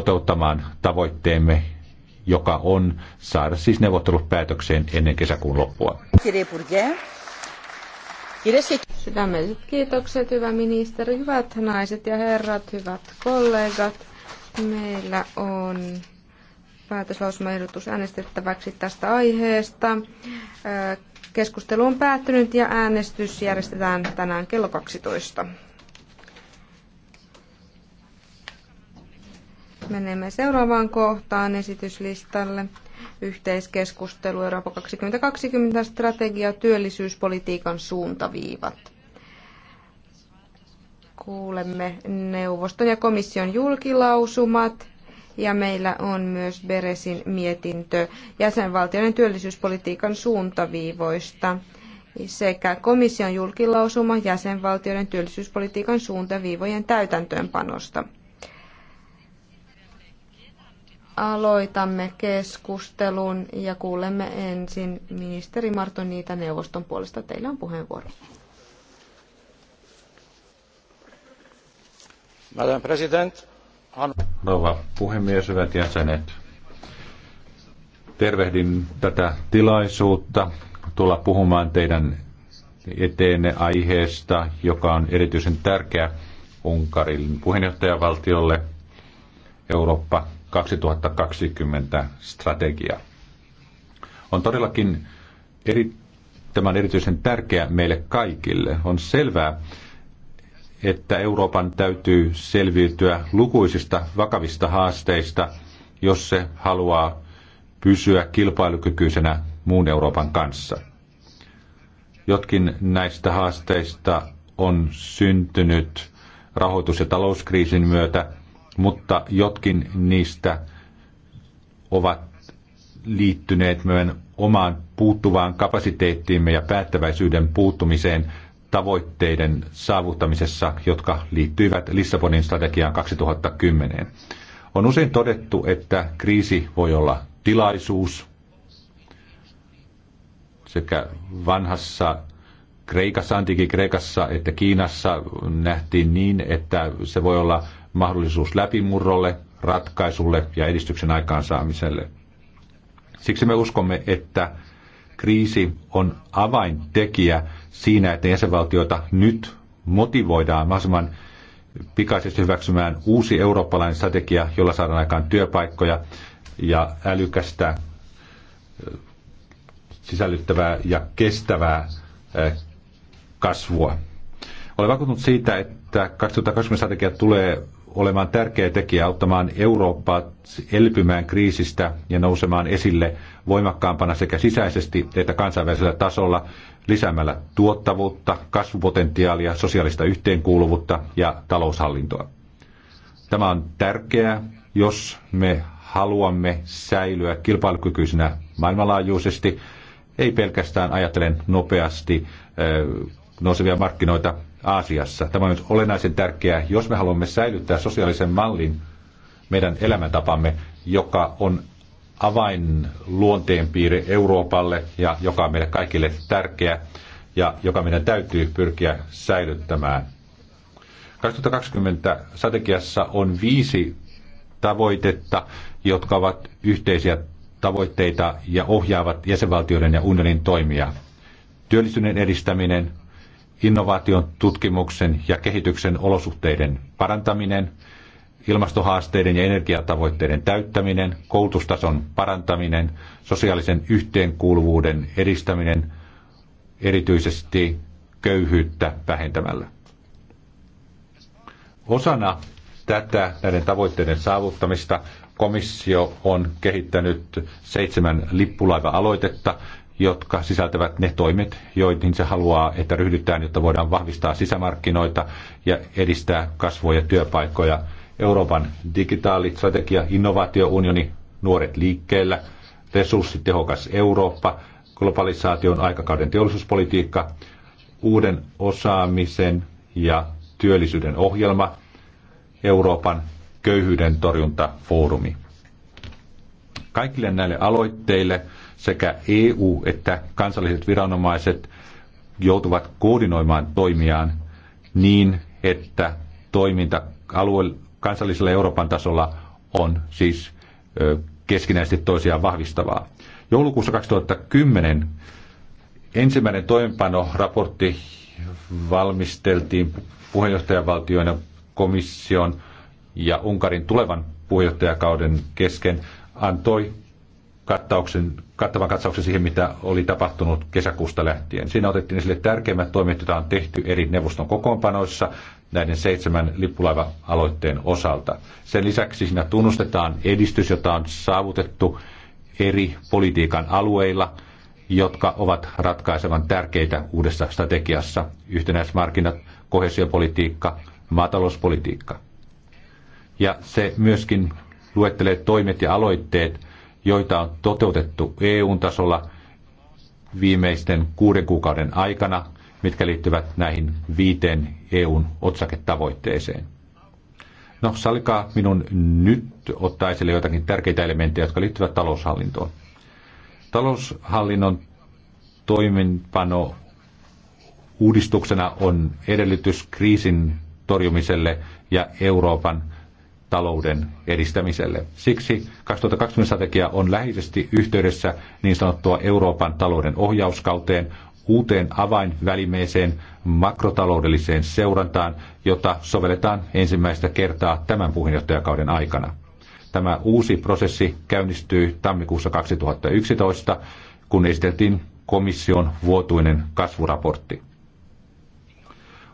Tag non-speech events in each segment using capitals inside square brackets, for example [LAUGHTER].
toteuttamaan tavoitteemme, joka on saada siis neuvottelut päätökseen ennen kesäkuun loppua. Sydämelliset kiitokset, hyvä ministeri, hyvät naiset ja herrat, hyvät kollegat. Meillä on päätöslausmaehdotus äänestettäväksi tästä aiheesta. Keskustelu on päättynyt ja äänestys järjestetään tänään kello 12. Menemme seuraavaan kohtaan esityslistalle. Yhteiskeskustelu Eurooppa 2020 strategia työllisyyspolitiikan suuntaviivat. Kuulemme neuvoston ja komission julkilausumat ja meillä on myös Beresin mietintö jäsenvaltioiden työllisyyspolitiikan suuntaviivoista sekä komission julkilausuma jäsenvaltioiden työllisyyspolitiikan suuntaviivojen täytäntöönpanosta aloitamme keskustelun ja kuulemme ensin ministeri Marton niitä neuvoston puolesta. Teillä on puheenvuoro. Madam President, Rouva puhemies, hyvät jäsenet. Tervehdin tätä tilaisuutta tulla puhumaan teidän eteenne aiheesta, joka on erityisen tärkeä Unkarin puheenjohtajavaltiolle Eurooppa 2020 strategia. On todellakin eri, tämän erityisen tärkeä meille kaikille. On selvää, että Euroopan täytyy selviytyä lukuisista vakavista haasteista, jos se haluaa pysyä kilpailukykyisenä muun Euroopan kanssa. Jotkin näistä haasteista on syntynyt rahoitus- ja talouskriisin myötä – mutta jotkin niistä ovat liittyneet meidän omaan puuttuvaan kapasiteettiimme ja päättäväisyyden puuttumiseen tavoitteiden saavuttamisessa, jotka liittyivät Lissabonin strategiaan 2010. On usein todettu, että kriisi voi olla tilaisuus sekä vanhassa Kreikassa, antiikin Kreikassa että Kiinassa nähtiin niin, että se voi olla mahdollisuus läpimurrolle, ratkaisulle ja edistyksen aikaansaamiselle. Siksi me uskomme, että kriisi on avaintekijä siinä, että jäsenvaltioita nyt motivoidaan mahdollisimman pikaisesti hyväksymään uusi eurooppalainen strategia, jolla saadaan aikaan työpaikkoja ja älykästä, sisällyttävää ja kestävää kasvua. Olen vakuuttunut siitä, että 2020 strategia tulee olemaan tärkeä tekijä auttamaan Eurooppaa elpymään kriisistä ja nousemaan esille voimakkaampana sekä sisäisesti että kansainvälisellä tasolla lisäämällä tuottavuutta, kasvupotentiaalia, sosiaalista yhteenkuuluvuutta ja taloushallintoa. Tämä on tärkeää, jos me haluamme säilyä kilpailukykyisenä maailmanlaajuisesti, ei pelkästään ajatellen nopeasti äh, nousevia markkinoita, Aasiassa. Tämä on nyt olennaisen tärkeää, jos me haluamme säilyttää sosiaalisen mallin meidän elämäntapamme, joka on avain luonteenpiirre Euroopalle ja joka on meille kaikille tärkeä ja joka meidän täytyy pyrkiä säilyttämään. 2020 strategiassa on viisi tavoitetta, jotka ovat yhteisiä tavoitteita ja ohjaavat jäsenvaltioiden ja unionin toimia. Työllisyyden edistäminen, innovaation, tutkimuksen ja kehityksen olosuhteiden parantaminen, ilmastohaasteiden ja energiatavoitteiden täyttäminen, koulutustason parantaminen, sosiaalisen yhteenkuuluvuuden edistäminen, erityisesti köyhyyttä vähentämällä. Osana tätä näiden tavoitteiden saavuttamista komissio on kehittänyt seitsemän lippulaiva-aloitetta, jotka sisältävät ne toimet, joihin se haluaa, että ryhdytään, jotta voidaan vahvistaa sisämarkkinoita ja edistää kasvua ja työpaikkoja. Euroopan digitaalistrategia, innovaatiounioni, nuoret liikkeellä, resurssitehokas Eurooppa, globalisaation aikakauden teollisuuspolitiikka, uuden osaamisen ja työllisyyden ohjelma, Euroopan köyhyyden torjuntafoorumi. Kaikille näille aloitteille – sekä EU että kansalliset viranomaiset joutuvat koordinoimaan toimiaan niin, että toiminta alue, kansallisella Euroopan tasolla on siis keskinäisesti toisiaan vahvistavaa. Joulukuussa 2010 ensimmäinen toimenpanoraportti valmisteltiin puheenjohtajavaltioiden komission ja Unkarin tulevan puheenjohtajakauden kesken antoi kattauksen, kattavan katsauksen siihen, mitä oli tapahtunut kesäkuusta lähtien. Siinä otettiin esille tärkeimmät toimet, joita on tehty eri neuvoston kokoonpanoissa näiden seitsemän lippulaiva-aloitteen osalta. Sen lisäksi siinä tunnustetaan edistys, jota on saavutettu eri politiikan alueilla, jotka ovat ratkaisevan tärkeitä uudessa strategiassa. Yhtenäismarkkinat, kohesiopolitiikka, maatalouspolitiikka. Ja se myöskin luettelee toimet ja aloitteet, joita on toteutettu EU-tasolla viimeisten kuuden kuukauden aikana, mitkä liittyvät näihin viiteen EUn otsaketavoitteeseen. No, sallikaa minun nyt ottaa esille jotakin tärkeitä elementtejä, jotka liittyvät taloushallintoon. Taloushallinnon toimenpano uudistuksena on edellytys kriisin torjumiselle ja Euroopan talouden edistämiselle. Siksi 2020 strategia on läheisesti yhteydessä niin sanottua Euroopan talouden ohjauskauteen, uuteen avainvälimeeseen makrotaloudelliseen seurantaan, jota sovelletaan ensimmäistä kertaa tämän puheenjohtajakauden aikana. Tämä uusi prosessi käynnistyy tammikuussa 2011, kun esiteltiin komission vuotuinen kasvuraportti.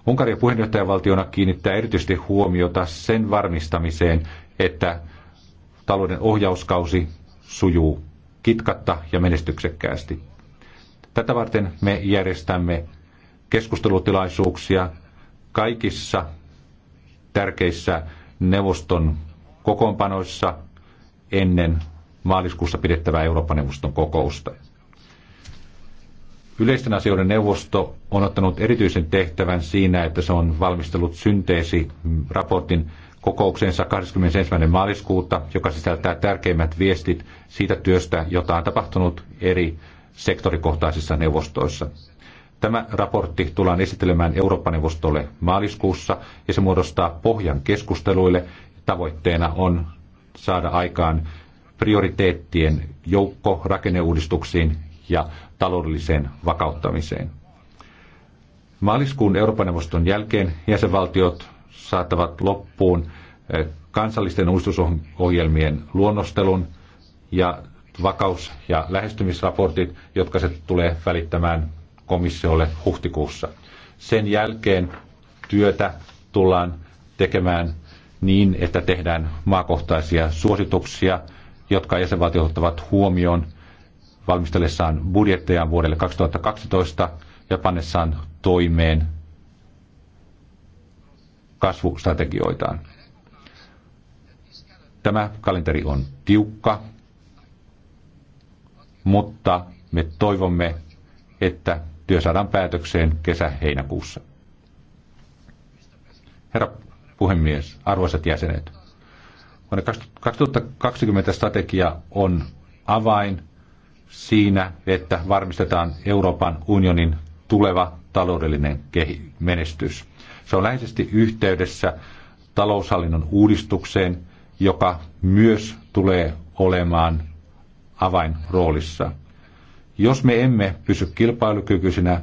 Unkaria puheenjohtajavaltiona kiinnittää erityisesti huomiota sen varmistamiseen, että talouden ohjauskausi sujuu kitkatta ja menestyksekkäästi. Tätä varten me järjestämme keskustelutilaisuuksia kaikissa tärkeissä neuvoston kokoonpanoissa ennen maaliskuussa pidettävää Euroopan neuvoston kokousta. Yleisten asioiden neuvosto on ottanut erityisen tehtävän siinä, että se on valmistellut synteesi-raportin kokouksensa 21. maaliskuuta, joka sisältää tärkeimmät viestit siitä työstä, jota on tapahtunut eri sektorikohtaisissa neuvostoissa. Tämä raportti tullaan esittelemään Eurooppa-neuvostolle maaliskuussa ja se muodostaa pohjan keskusteluille. Tavoitteena on saada aikaan prioriteettien joukko rakenneuudistuksiin, ja taloudelliseen vakauttamiseen. Maaliskuun Euroopan neuvoston jälkeen jäsenvaltiot saattavat loppuun eh, kansallisten uudistusohjelmien luonnostelun ja vakaus- ja lähestymisraportit, jotka se tulee välittämään komissiolle huhtikuussa. Sen jälkeen työtä tullaan tekemään niin, että tehdään maakohtaisia suosituksia, jotka jäsenvaltiot ottavat huomioon – valmistellessaan budjettejaan vuodelle 2012 ja pannessaan toimeen kasvustrategioitaan. Tämä kalenteri on tiukka, mutta me toivomme, että työ saadaan päätökseen kesä-heinäkuussa. Herra puhemies, arvoisat jäsenet, vuonna 2020 strategia on avain siinä, että varmistetaan Euroopan unionin tuleva taloudellinen menestys. Se on läheisesti yhteydessä taloushallinnon uudistukseen, joka myös tulee olemaan avainroolissa. Jos me emme pysy kilpailukykyisinä,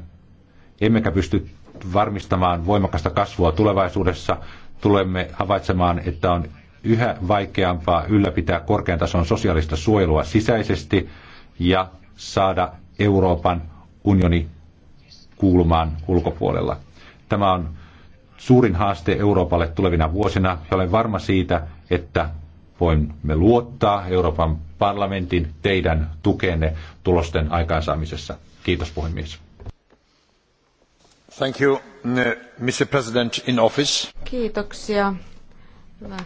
emmekä pysty varmistamaan voimakasta kasvua tulevaisuudessa, tulemme havaitsemaan, että on yhä vaikeampaa ylläpitää korkean tason sosiaalista suojelua sisäisesti – ja saada Euroopan unioni kuulumaan ulkopuolella. Tämä on suurin haaste Euroopalle tulevina vuosina ja olen varma siitä, että voimme luottaa Euroopan parlamentin teidän tukenne tulosten aikaansaamisessa. Kiitos puhemies. Thank you, Mr. President in office. Kiitoksia, hyvä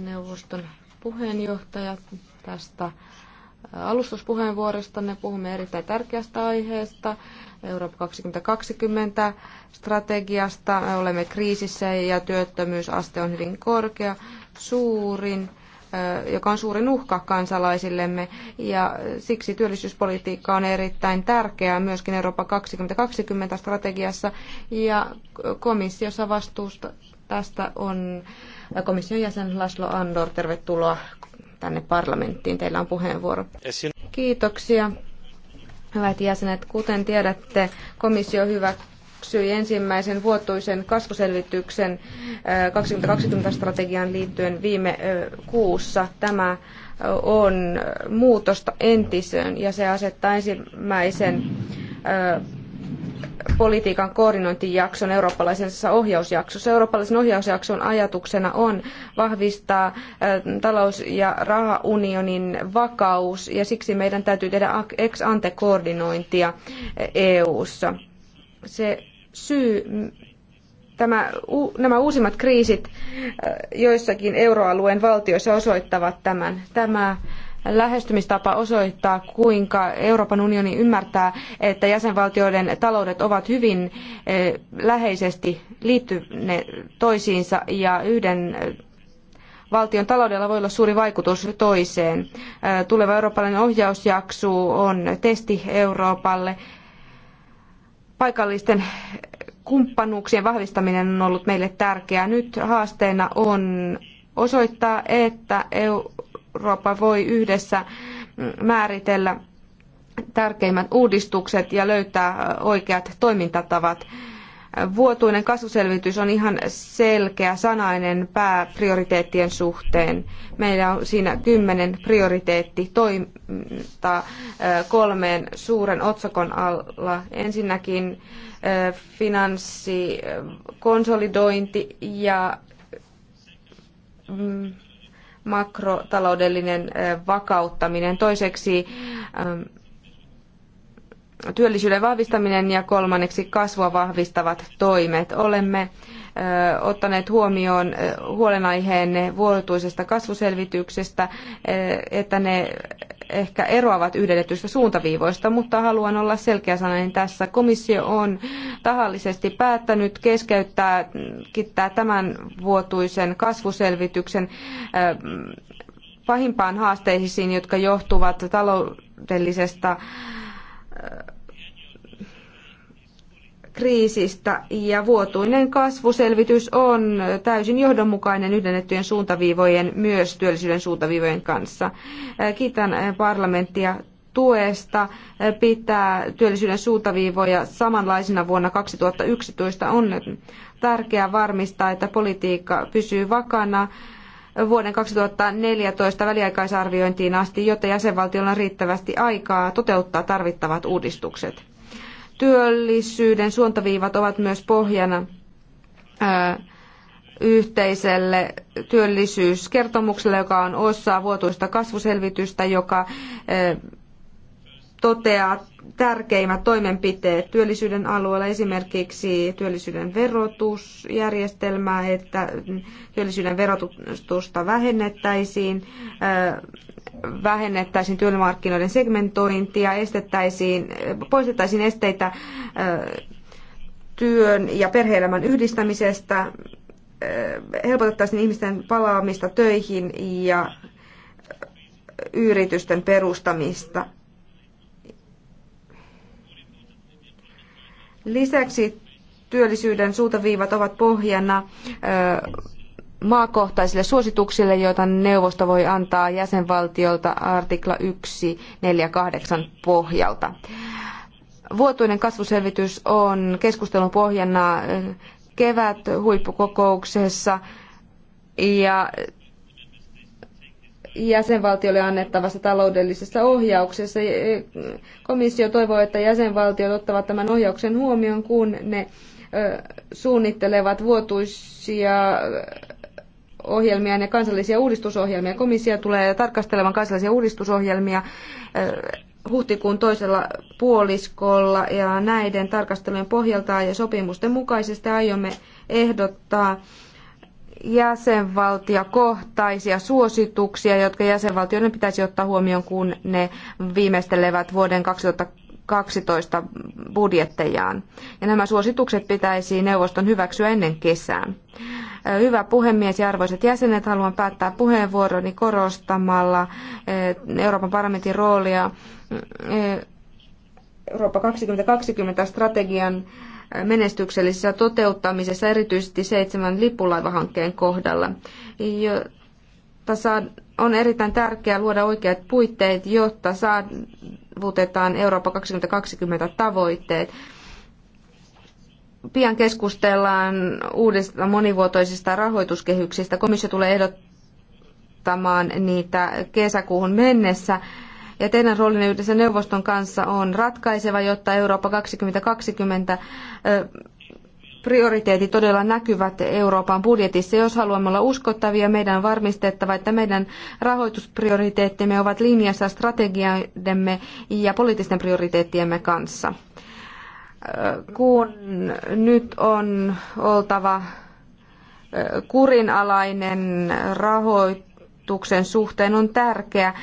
neuvoston puheenjohtaja tästä alustuspuheenvuorostanne. Puhumme erittäin tärkeästä aiheesta, Eurooppa 2020 strategiasta. Me olemme kriisissä ja työttömyysaste on hyvin korkea, suurin joka on suurin uhka kansalaisillemme ja siksi työllisyyspolitiikka on erittäin tärkeää myöskin Eurooppa 2020 strategiassa ja komissiossa vastuusta tästä on komission jäsen Laszlo Andor. Tervetuloa tänne parlamenttiin. Teillä on puheenvuoro. Kiitoksia. Hyvät jäsenet, kuten tiedätte, komissio hyväksyi ensimmäisen vuotuisen kasvuselvityksen 2020 äh, strategian liittyen viime äh, kuussa. Tämä äh, on muutosta entisöön ja se asettaa ensimmäisen politiikan koordinointijakson eurooppalaisessa ohjausjaksossa. Eurooppalaisen ohjausjakson ajatuksena on vahvistaa talous- ja rahaunionin vakaus ja siksi meidän täytyy tehdä ex ante koordinointia EU:ssa. Se syy Tämä, nämä uusimmat kriisit joissakin euroalueen valtioissa osoittavat tämän. Tämä lähestymistapa osoittaa, kuinka Euroopan unioni ymmärtää, että jäsenvaltioiden taloudet ovat hyvin eh, läheisesti liittyneet toisiinsa ja yhden eh, valtion taloudella voi olla suuri vaikutus toiseen. Eh, tuleva eurooppalainen ohjausjakso on testi Euroopalle. Paikallisten kumppanuuksien vahvistaminen on ollut meille tärkeää. Nyt haasteena on osoittaa, että EU Eurooppa voi yhdessä määritellä tärkeimmät uudistukset ja löytää oikeat toimintatavat. Vuotuinen kasvuselvitys on ihan selkeä sanainen pääprioriteettien suhteen. Meillä on siinä kymmenen prioriteetti toiminta kolmeen suuren otsakon alla. Ensinnäkin finanssikonsolidointi ja mm, makrotaloudellinen vakauttaminen, toiseksi työllisyyden vahvistaminen ja kolmanneksi kasvua vahvistavat toimet. Olemme ottaneet huomioon huolenaiheenne vuotuisesta kasvuselvityksestä, että ne ehkä eroavat yhdennetyistä suuntaviivoista, mutta haluan olla selkeä sananen tässä. Komissio on tahallisesti päättänyt keskeyttää tämän vuotuisen kasvuselvityksen äh, pahimpaan haasteisiin, jotka johtuvat taloudellisesta äh, kriisistä ja vuotuinen kasvuselvitys on täysin johdonmukainen yhdennettyjen suuntaviivojen myös työllisyyden suuntaviivojen kanssa. Kiitän parlamenttia tuesta pitää työllisyyden suuntaviivoja samanlaisina vuonna 2011 on tärkeää varmistaa, että politiikka pysyy vakana vuoden 2014 väliaikaisarviointiin asti, jotta jäsenvaltiolla on riittävästi aikaa toteuttaa tarvittavat uudistukset. Työllisyyden suuntaviivat ovat myös pohjana yhteiselle työllisyyskertomukselle, joka on osa vuotuista kasvuselvitystä, joka toteaa tärkeimmät toimenpiteet työllisyyden alueella, esimerkiksi työllisyyden verotusjärjestelmää, että työllisyyden verotusta vähennettäisiin, vähennettäisiin työmarkkinoiden segmentointia, estettäisiin, poistettaisiin esteitä työn ja perheelämän yhdistämisestä, helpotettaisiin ihmisten palaamista töihin ja yritysten perustamista. Lisäksi työllisyyden suuntaviivat ovat pohjana maakohtaisille suosituksille, joita neuvosto voi antaa jäsenvaltiolta artikla 148 pohjalta. Vuotuinen kasvuselvitys on keskustelun pohjana eh, kevät huippukokouksessa ja jäsenvaltiolle annettavassa taloudellisessa ohjauksessa. Eh, komissio toivoo, että jäsenvaltiot ottavat tämän ohjauksen huomioon, kun ne eh, suunnittelevat vuotuisia ohjelmia ja kansallisia uudistusohjelmia. Komissio tulee tarkastelemaan kansallisia uudistusohjelmia eh, huhtikuun toisella puoliskolla ja näiden tarkastelujen pohjalta ja sopimusten mukaisesti aiomme ehdottaa jäsenvaltiokohtaisia suosituksia, jotka jäsenvaltioiden pitäisi ottaa huomioon, kun ne viimeistelevät vuoden 2012 budjettejaan. Ja nämä suositukset pitäisi neuvoston hyväksyä ennen kesää. Hyvä puhemies ja arvoisat jäsenet, haluan päättää puheenvuoroni korostamalla Euroopan parlamentin roolia Eurooppa 2020 strategian menestyksellisessä toteuttamisessa erityisesti seitsemän lippulaivahankkeen kohdalla. Jotta on erittäin tärkeää luoda oikeat puitteet, jotta saavutetaan Eurooppa 2020 tavoitteet. Pian keskustellaan uudesta monivuotoisista rahoituskehyksistä. Komissio tulee ehdottamaan niitä kesäkuuhun mennessä. Ja teidän roolinne yhdessä neuvoston kanssa on ratkaiseva, jotta Eurooppa 2020 prioriteetit todella näkyvät Euroopan budjetissa. Jos haluamme olla uskottavia, meidän on varmistettava, että meidän rahoitusprioriteettimme ovat linjassa strategiaidemme ja poliittisten prioriteettiemme kanssa kun nyt on oltava kurinalainen rahoituksen suhteen, on tärkeää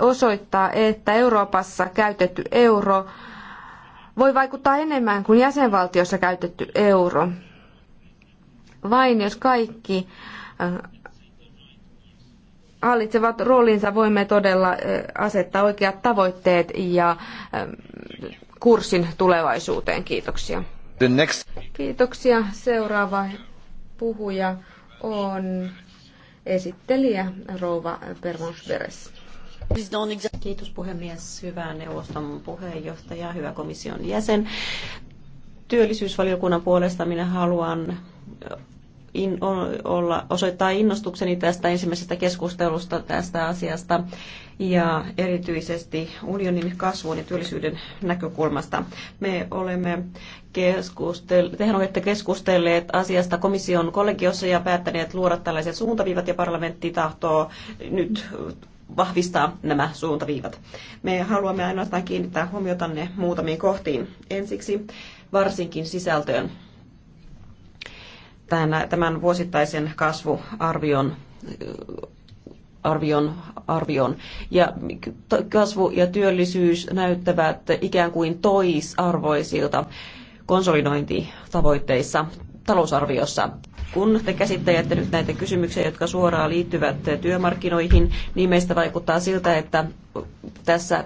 osoittaa, että Euroopassa käytetty euro voi vaikuttaa enemmän kuin jäsenvaltiossa käytetty euro. Vain jos kaikki hallitsevat roolinsa, voimme todella asettaa oikeat tavoitteet ja kurssin tulevaisuuteen. Kiitoksia. Kiitoksia. Seuraava puhuja on esittelijä Rouva Pervonsveres. Kiitos puhemies, hyvää neuvoston puheenjohtaja, hyvä komission jäsen. Työllisyysvaliokunnan puolesta minä haluan in, olla, osoittaa innostukseni tästä ensimmäisestä keskustelusta tästä asiasta ja erityisesti unionin kasvun ja työllisyyden näkökulmasta. Me olemme keskustel- tehän olette keskustelleet asiasta komission kollegiossa ja päättäneet luoda tällaiset suuntaviivat ja parlamentti tahtoo nyt vahvistaa nämä suuntaviivat. Me haluamme ainoastaan kiinnittää ne muutamiin kohtiin. Ensiksi varsinkin sisältöön tämän vuosittaisen kasvuarvion arvion, arvion. Ja kasvu ja työllisyys näyttävät ikään kuin toisarvoisilta konsolidointitavoitteissa talousarviossa. Kun te käsittelette nyt näitä kysymyksiä, jotka suoraan liittyvät työmarkkinoihin, niin meistä vaikuttaa siltä, että tässä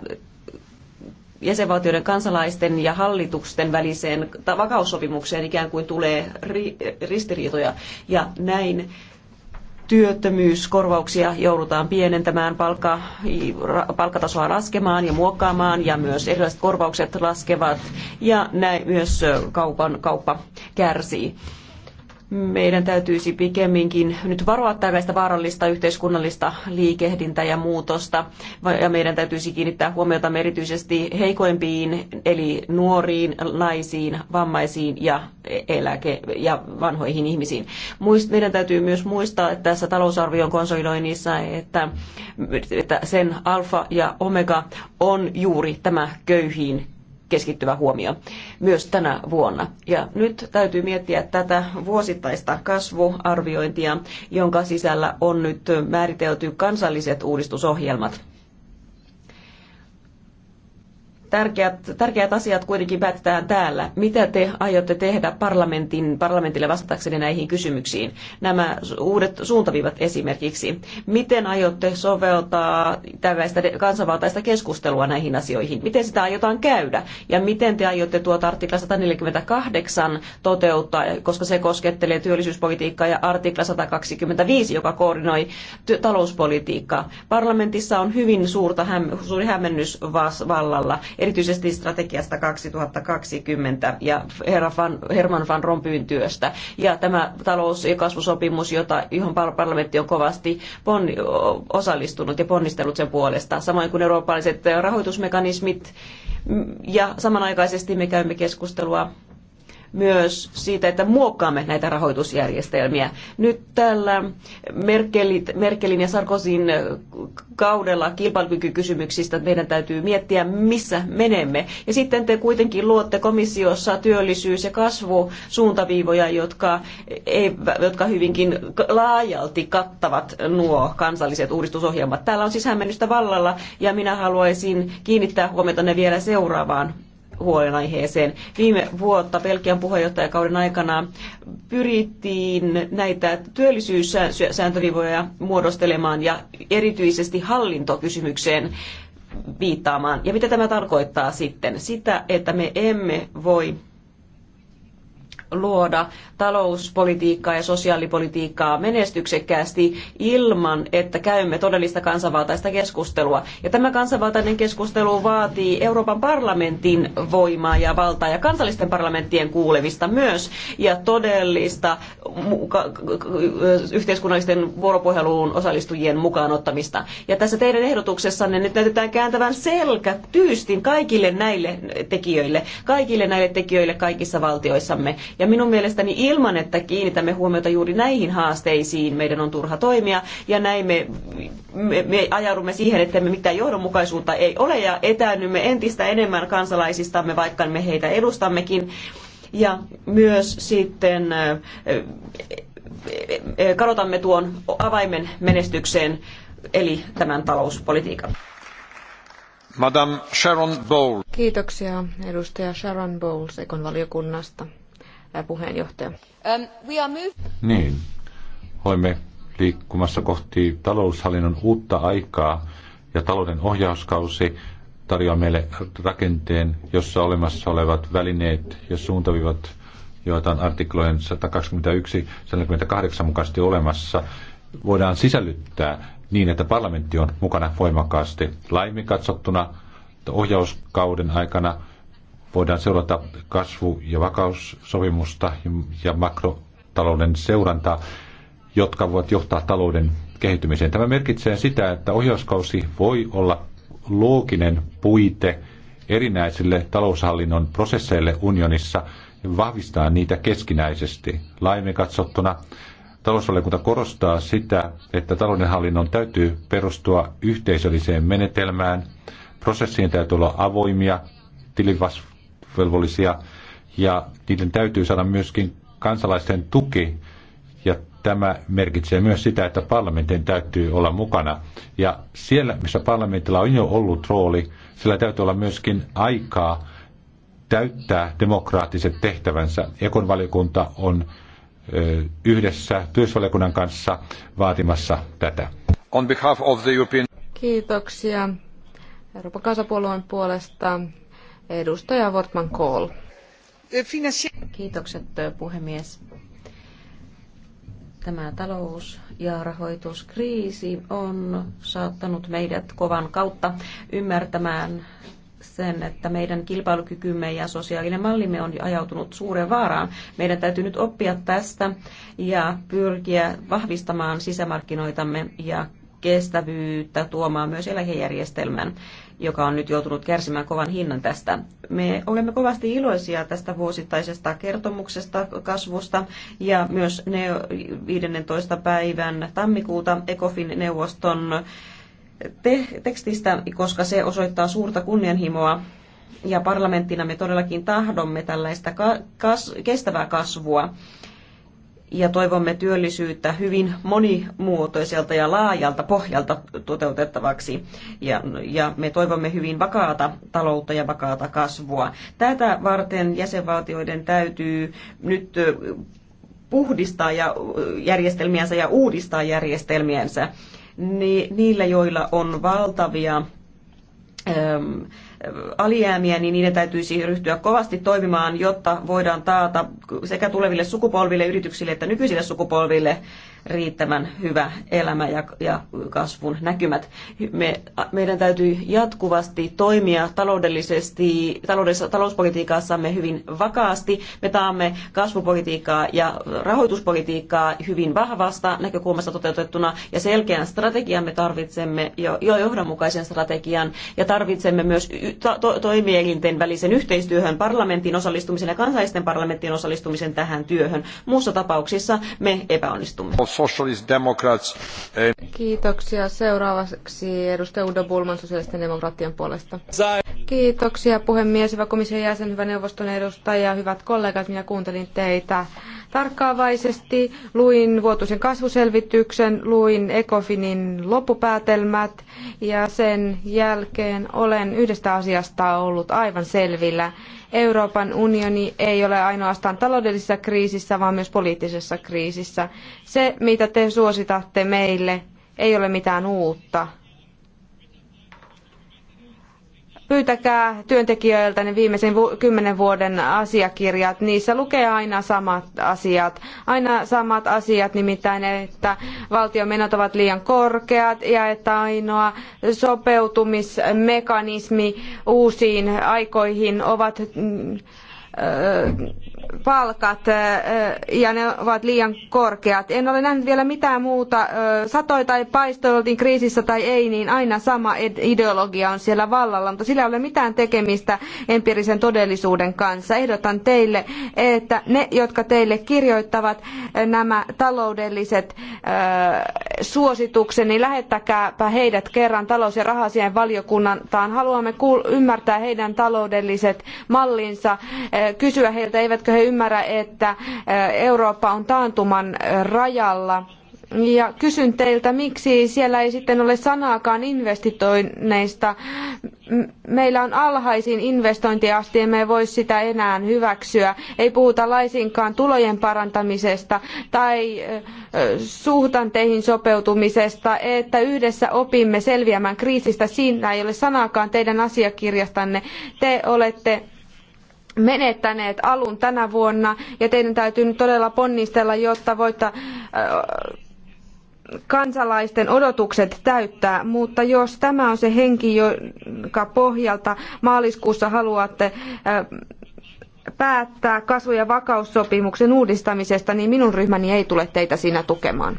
jäsenvaltioiden kansalaisten ja hallitusten väliseen vakaussopimukseen ikään kuin tulee ri, ristiriitoja. Ja näin työttömyyskorvauksia joudutaan pienentämään, palkka, palkkatasoa laskemaan ja muokkaamaan ja myös erilaiset korvaukset laskevat ja näin myös kaupan, kauppa kärsii meidän täytyisi pikemminkin nyt varoa tällaista vaarallista yhteiskunnallista liikehdintää ja muutosta. Ja meidän täytyisi kiinnittää huomiota erityisesti heikoimpiin, eli nuoriin, naisiin, vammaisiin ja, eläke- ja vanhoihin ihmisiin. Meidän täytyy myös muistaa että tässä talousarvion konsolidoinnissa, että, että sen alfa ja omega on juuri tämä köyhiin keskittyvä huomio myös tänä vuonna. Ja nyt täytyy miettiä tätä vuosittaista kasvuarviointia, jonka sisällä on nyt määritelty kansalliset uudistusohjelmat tärkeät, tärkeät asiat kuitenkin päätetään täällä. Mitä te aiotte tehdä parlamentin, parlamentille vastatakseni näihin kysymyksiin? Nämä uudet suuntaviivat esimerkiksi. Miten aiotte soveltaa tällaista kansanvaltaista keskustelua näihin asioihin? Miten sitä aiotaan käydä? Ja miten te aiotte tuota artikla 148 toteuttaa, koska se koskettelee työllisyyspolitiikkaa ja artikla 125, joka koordinoi talouspolitiikkaa. Parlamentissa on hyvin suurta häm- suuri hämmennys vallalla erityisesti strategiasta 2020 ja herra van, Herman van Rompuyn työstä. Ja tämä talous- ja kasvusopimus, jota, johon parlamentti on kovasti pon, osallistunut ja ponnistellut sen puolesta, samoin kuin eurooppalaiset rahoitusmekanismit, ja samanaikaisesti me käymme keskustelua myös siitä, että muokkaamme näitä rahoitusjärjestelmiä. Nyt tällä Merkelit, Merkelin ja Sarkozin kaudella kilpailukykykysymyksistä meidän täytyy miettiä, missä menemme. Ja sitten te kuitenkin luotte komissiossa työllisyys- ja kasvusuuntaviivoja, jotka, ei, jotka hyvinkin laajalti kattavat nuo kansalliset uudistusohjelmat. Täällä on siis hämmennystä vallalla ja minä haluaisin kiinnittää huomiota ne vielä seuraavaan huolenaiheeseen. Viime vuotta Belgian puheenjohtajakauden aikana pyrittiin näitä työllisyyssääntövivoja muodostelemaan ja erityisesti hallintokysymykseen viittaamaan. Ja mitä tämä tarkoittaa sitten? Sitä, että me emme voi luoda talouspolitiikkaa ja sosiaalipolitiikkaa menestyksekkäästi ilman, että käymme todellista kansanvaltaista keskustelua. Ja tämä kansanvaltainen keskustelu vaatii Euroopan parlamentin voimaa ja valtaa ja kansallisten parlamenttien kuulemista myös ja todellista yhteiskunnallisten vuoropuheluun osallistujien mukaanottamista. Ja tässä teidän ehdotuksessanne nyt näytetään kääntävän selkä tyystin kaikille näille tekijöille, kaikille näille tekijöille kaikissa valtioissamme ja minun mielestäni ilman, että kiinnitämme huomiota juuri näihin haasteisiin, meidän on turha toimia. Ja näin me, me, me ajaudumme siihen, että me mitään johdonmukaisuutta ei ole ja etäännymme entistä enemmän kansalaisistamme, vaikka me heitä edustammekin. Ja myös sitten kadotamme tuon avaimen menestykseen, eli tämän talouspolitiikan. Madame Sharon Bowles. Kiitoksia edustaja Sharon Bowles Ekon valiokunnasta puheenjohtaja. Niin, olemme liikkumassa kohti taloushallinnon uutta aikaa ja talouden ohjauskausi tarjoaa meille rakenteen, jossa olemassa olevat välineet ja suuntavivat, joita on artiklojen 121 78 mukaisesti olemassa, voidaan sisällyttää niin, että parlamentti on mukana voimakkaasti. laimikatsottuna katsottuna ohjauskauden aikana – voidaan seurata kasvu- ja vakaussovimusta ja makrotalouden seurantaa, jotka voivat johtaa talouden kehittymiseen. Tämä merkitsee sitä, että ohjauskausi voi olla looginen puite erinäisille taloushallinnon prosesseille unionissa ja vahvistaa niitä keskinäisesti. Laajemmin katsottuna talousvaliokunta korostaa sitä, että taloudenhallinnon täytyy perustua yhteisölliseen menetelmään, prosessien täytyy olla avoimia, tilivas- velvollisia ja niiden täytyy saada myöskin kansalaisten tuki ja tämä merkitsee myös sitä, että parlamentin täytyy olla mukana. Ja siellä, missä parlamentilla on jo ollut rooli, sillä täytyy olla myöskin aikaa täyttää demokraattiset tehtävänsä. Ekon valiokunta on ö, yhdessä työsvaliokunnan kanssa vaatimassa tätä. On behalf of the European... Kiitoksia. Euroopan kansapuolueen puolesta Edustaja Wortman Kohl. Kiitokset puhemies. Tämä talous- ja rahoituskriisi on saattanut meidät kovan kautta ymmärtämään sen, että meidän kilpailukykymme ja sosiaalinen mallimme on ajautunut suureen vaaraan. Meidän täytyy nyt oppia tästä ja pyrkiä vahvistamaan sisämarkkinoitamme ja kestävyyttä tuomaan myös eläkejärjestelmän joka on nyt joutunut kärsimään kovan hinnan tästä. Me olemme kovasti iloisia tästä vuosittaisesta kertomuksesta kasvusta ja myös 15. päivän tammikuuta ECOFIN neuvoston te- tekstistä, koska se osoittaa suurta kunnianhimoa ja parlamenttina me todellakin tahdomme tällaista kas- kestävää kasvua ja toivomme työllisyyttä hyvin monimuotoiselta ja laajalta pohjalta toteutettavaksi. Ja, ja me toivomme hyvin vakaata taloutta ja vakaata kasvua. Tätä varten jäsenvaltioiden täytyy nyt puhdistaa ja järjestelmiänsä ja uudistaa järjestelmiänsä. Ni, niillä, joilla on valtavia Ähm, alijäämiä, niin niiden täytyisi ryhtyä kovasti toimimaan, jotta voidaan taata sekä tuleville sukupolville, yrityksille että nykyisille sukupolville riittävän hyvä elämä ja, ja kasvun näkymät. Me, meidän täytyy jatkuvasti toimia taloudellisesti, taloudessa, talouspolitiikassamme hyvin vakaasti. Me taamme kasvupolitiikkaa ja rahoituspolitiikkaa hyvin vahvasta näkökulmasta toteutettuna ja selkeän strategian me tarvitsemme jo, jo johdonmukaisen strategian ja tarvitsemme myös to, to, toimielinten välisen yhteistyöhön, parlamentin osallistumisen ja kansallisten parlamenttien osallistumisen tähän työhön. Muussa tapauksissa me epäonnistumme. Socialist eh, Kiitoksia. Seuraavaksi edustaja Udo Bulman sosiaalisten demokraattien puolesta. Kiitoksia puhemies, hyvä komission jäsen, hyvä neuvoston edustaja, hyvät kollegat. Minä kuuntelin teitä tarkkaavaisesti. Luin vuotuisen kasvuselvityksen, luin Ecofinin loppupäätelmät ja sen jälkeen olen yhdestä asiasta ollut aivan selvillä. Euroopan unioni ei ole ainoastaan taloudellisessa kriisissä, vaan myös poliittisessa kriisissä. Se, mitä te suositatte meille, ei ole mitään uutta Pyytäkää työntekijöiltä ne viimeisen kymmenen vuoden asiakirjat. Niissä lukee aina samat asiat. Aina samat asiat, nimittäin että valtion menot ovat liian korkeat ja että ainoa sopeutumismekanismi uusiin aikoihin ovat mm, palkat ja ne ovat liian korkeat. En ole nähnyt vielä mitään muuta. Satoi tai paistoi, oltiin kriisissä tai ei, niin aina sama ideologia on siellä vallalla, mutta sillä ei ole mitään tekemistä empiirisen todellisuuden kanssa. Ehdotan teille, että ne, jotka teille kirjoittavat nämä taloudelliset suositukset, niin lähettäkääpä heidät kerran talous- ja rahasien valiokunnantaan. Haluamme ymmärtää heidän taloudelliset mallinsa, kysyä heiltä, eivätkö he ymmärrä, että Eurooppa on taantuman rajalla. Ja kysyn teiltä, miksi siellä ei sitten ole sanaakaan investoinneista. Meillä on alhaisin investointiaste, emme voi sitä enää hyväksyä. Ei puhuta laisinkaan tulojen parantamisesta tai suhtanteihin sopeutumisesta, että yhdessä opimme selviämään kriisistä. Siinä ei ole sanaakaan teidän asiakirjastanne. Te olette menettäneet alun tänä vuonna ja teidän täytyy nyt todella ponnistella, jotta voitte kansalaisten odotukset täyttää, mutta jos tämä on se henki, jonka pohjalta maaliskuussa haluatte päättää kasvu- ja vakaussopimuksen uudistamisesta, niin minun ryhmäni ei tule teitä siinä tukemaan.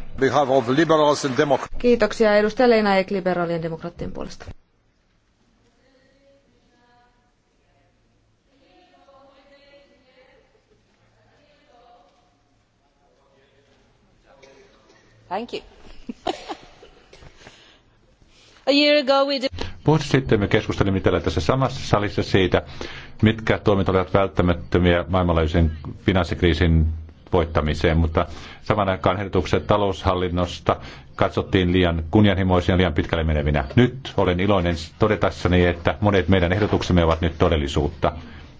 Kiitoksia edustaja Leena Eek liberaalien demokraattien puolesta. [LAUGHS] Vuosi sitten me keskustelimme täällä tässä samassa salissa siitä, mitkä toimet olivat välttämättömiä maailmanlaajuisen finanssikriisin voittamiseen, mutta saman aikaan ehdotukset taloushallinnosta katsottiin liian kunnianhimoisina, liian pitkälle menevinä. Nyt olen iloinen todetassani, että monet meidän ehdotuksemme ovat nyt todellisuutta.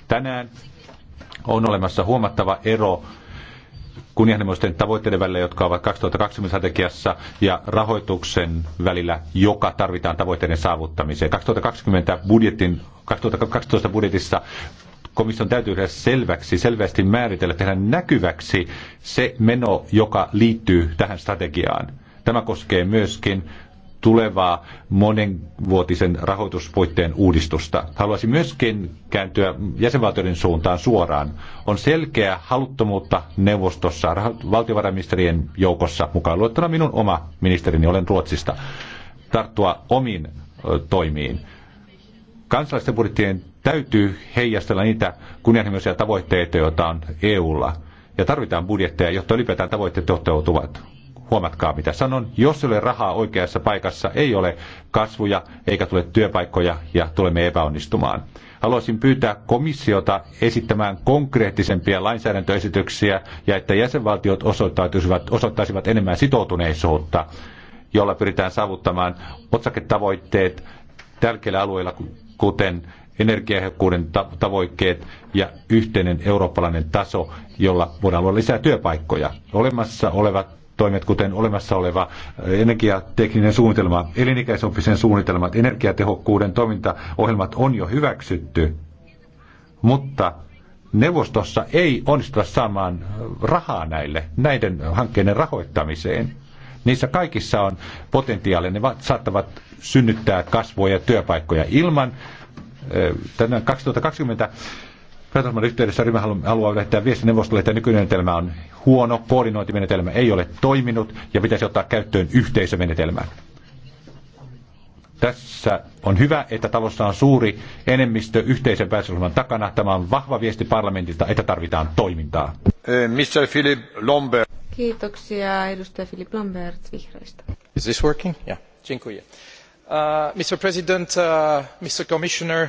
Tänään on olemassa huomattava ero kunnianhimoisten tavoitteiden välillä, jotka ovat 2020 strategiassa, ja rahoituksen välillä, joka tarvitaan tavoitteiden saavuttamiseen. 2020 budjetin, 2012 budjetissa komission täytyy tehdä selväksi, selvästi määritellä, tehdä näkyväksi se meno, joka liittyy tähän strategiaan. Tämä koskee myöskin tulevaa monenvuotisen rahoituspuitteen uudistusta. Haluaisin myöskin kääntyä jäsenvaltioiden suuntaan suoraan. On selkeä haluttomuutta neuvostossa valtiovarainministerien joukossa, mukaan luettuna minun oma ministerini, olen Ruotsista, tarttua omiin toimiin. Kansallisten budjettien täytyy heijastella niitä kunnianhimoisia tavoitteita, joita on EUlla. Ja tarvitaan budjetteja, jotta ylipäätään tavoitteet toteutuvat Huomatkaa mitä sanon. Jos ei ole rahaa oikeassa paikassa, ei ole kasvuja eikä tule työpaikkoja ja tulemme epäonnistumaan. Haluaisin pyytää komissiota esittämään konkreettisempia lainsäädäntöesityksiä ja että jäsenvaltiot osoittaisivat, osoittaisivat enemmän sitoutuneisuutta, jolla pyritään saavuttamaan otsaketavoitteet tärkeillä alueilla, kuten energiahekkuuden tavoitteet ja yhteinen eurooppalainen taso, jolla voidaan luoda lisää työpaikkoja. Olemassa olevat toimet, kuten olemassa oleva eh, energiatekninen suunnitelma, elinikäisoppisen suunnitelmat, energiatehokkuuden toimintaohjelmat on jo hyväksytty, mutta neuvostossa ei onnistuta saamaan eh, rahaa näille, näiden hankkeiden rahoittamiseen. Niissä kaikissa on potentiaalia, ne saattavat synnyttää kasvua ja työpaikkoja ilman eh, tänään 2020 Päätelmän yhteydessä ryhmä haluaa lähettää viestin neuvostolle, että nykyinen menetelmä on huono, koordinointimenetelmä ei ole toiminut ja pitäisi ottaa käyttöön yhteisömenetelmä. Tässä on hyvä, että talossa on suuri enemmistö yhteisen päätösryhmän takana. Tämä on vahva viesti parlamentilta, että tarvitaan toimintaa. Eh, Mr. Philip Lombert. Kiitoksia edustaja Philip Lombert vihreistä. Is this working? Yeah. Uh, eh, Mr. President, uh, eh, Mr. Commissioner,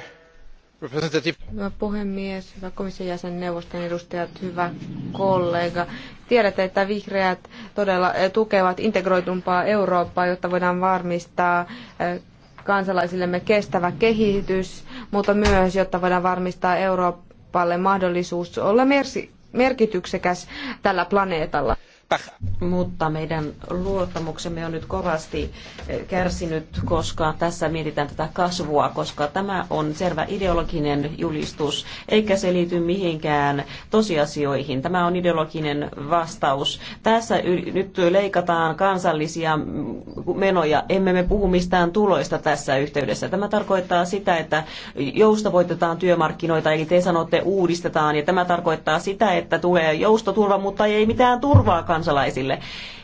Hyvä puhemies, hyvä komission jäsen, neuvoston edustajat, hyvä kollega. Tiedätte, että vihreät todella eh, tukevat integroidumpaa Eurooppaa, jotta voidaan varmistaa eh, kansalaisillemme kestävä kehitys, mutta myös, jotta voidaan varmistaa Euroopalle mahdollisuus olla merkityksekäs tällä planeetalla. Mutta meidän luottamuksemme on nyt kovasti kärsinyt, koska tässä mietitään tätä kasvua, koska tämä on selvä ideologinen julistus, eikä se liity mihinkään tosiasioihin. Tämä on ideologinen vastaus. Tässä nyt leikataan kansallisia menoja. Emme me puhu mistään tuloista tässä yhteydessä. Tämä tarkoittaa sitä, että joustavoitetaan työmarkkinoita, eli te sanotte uudistetaan, ja tämä tarkoittaa sitä, että tulee joustoturva, mutta ei mitään turvaa kansalaisille kansalaisille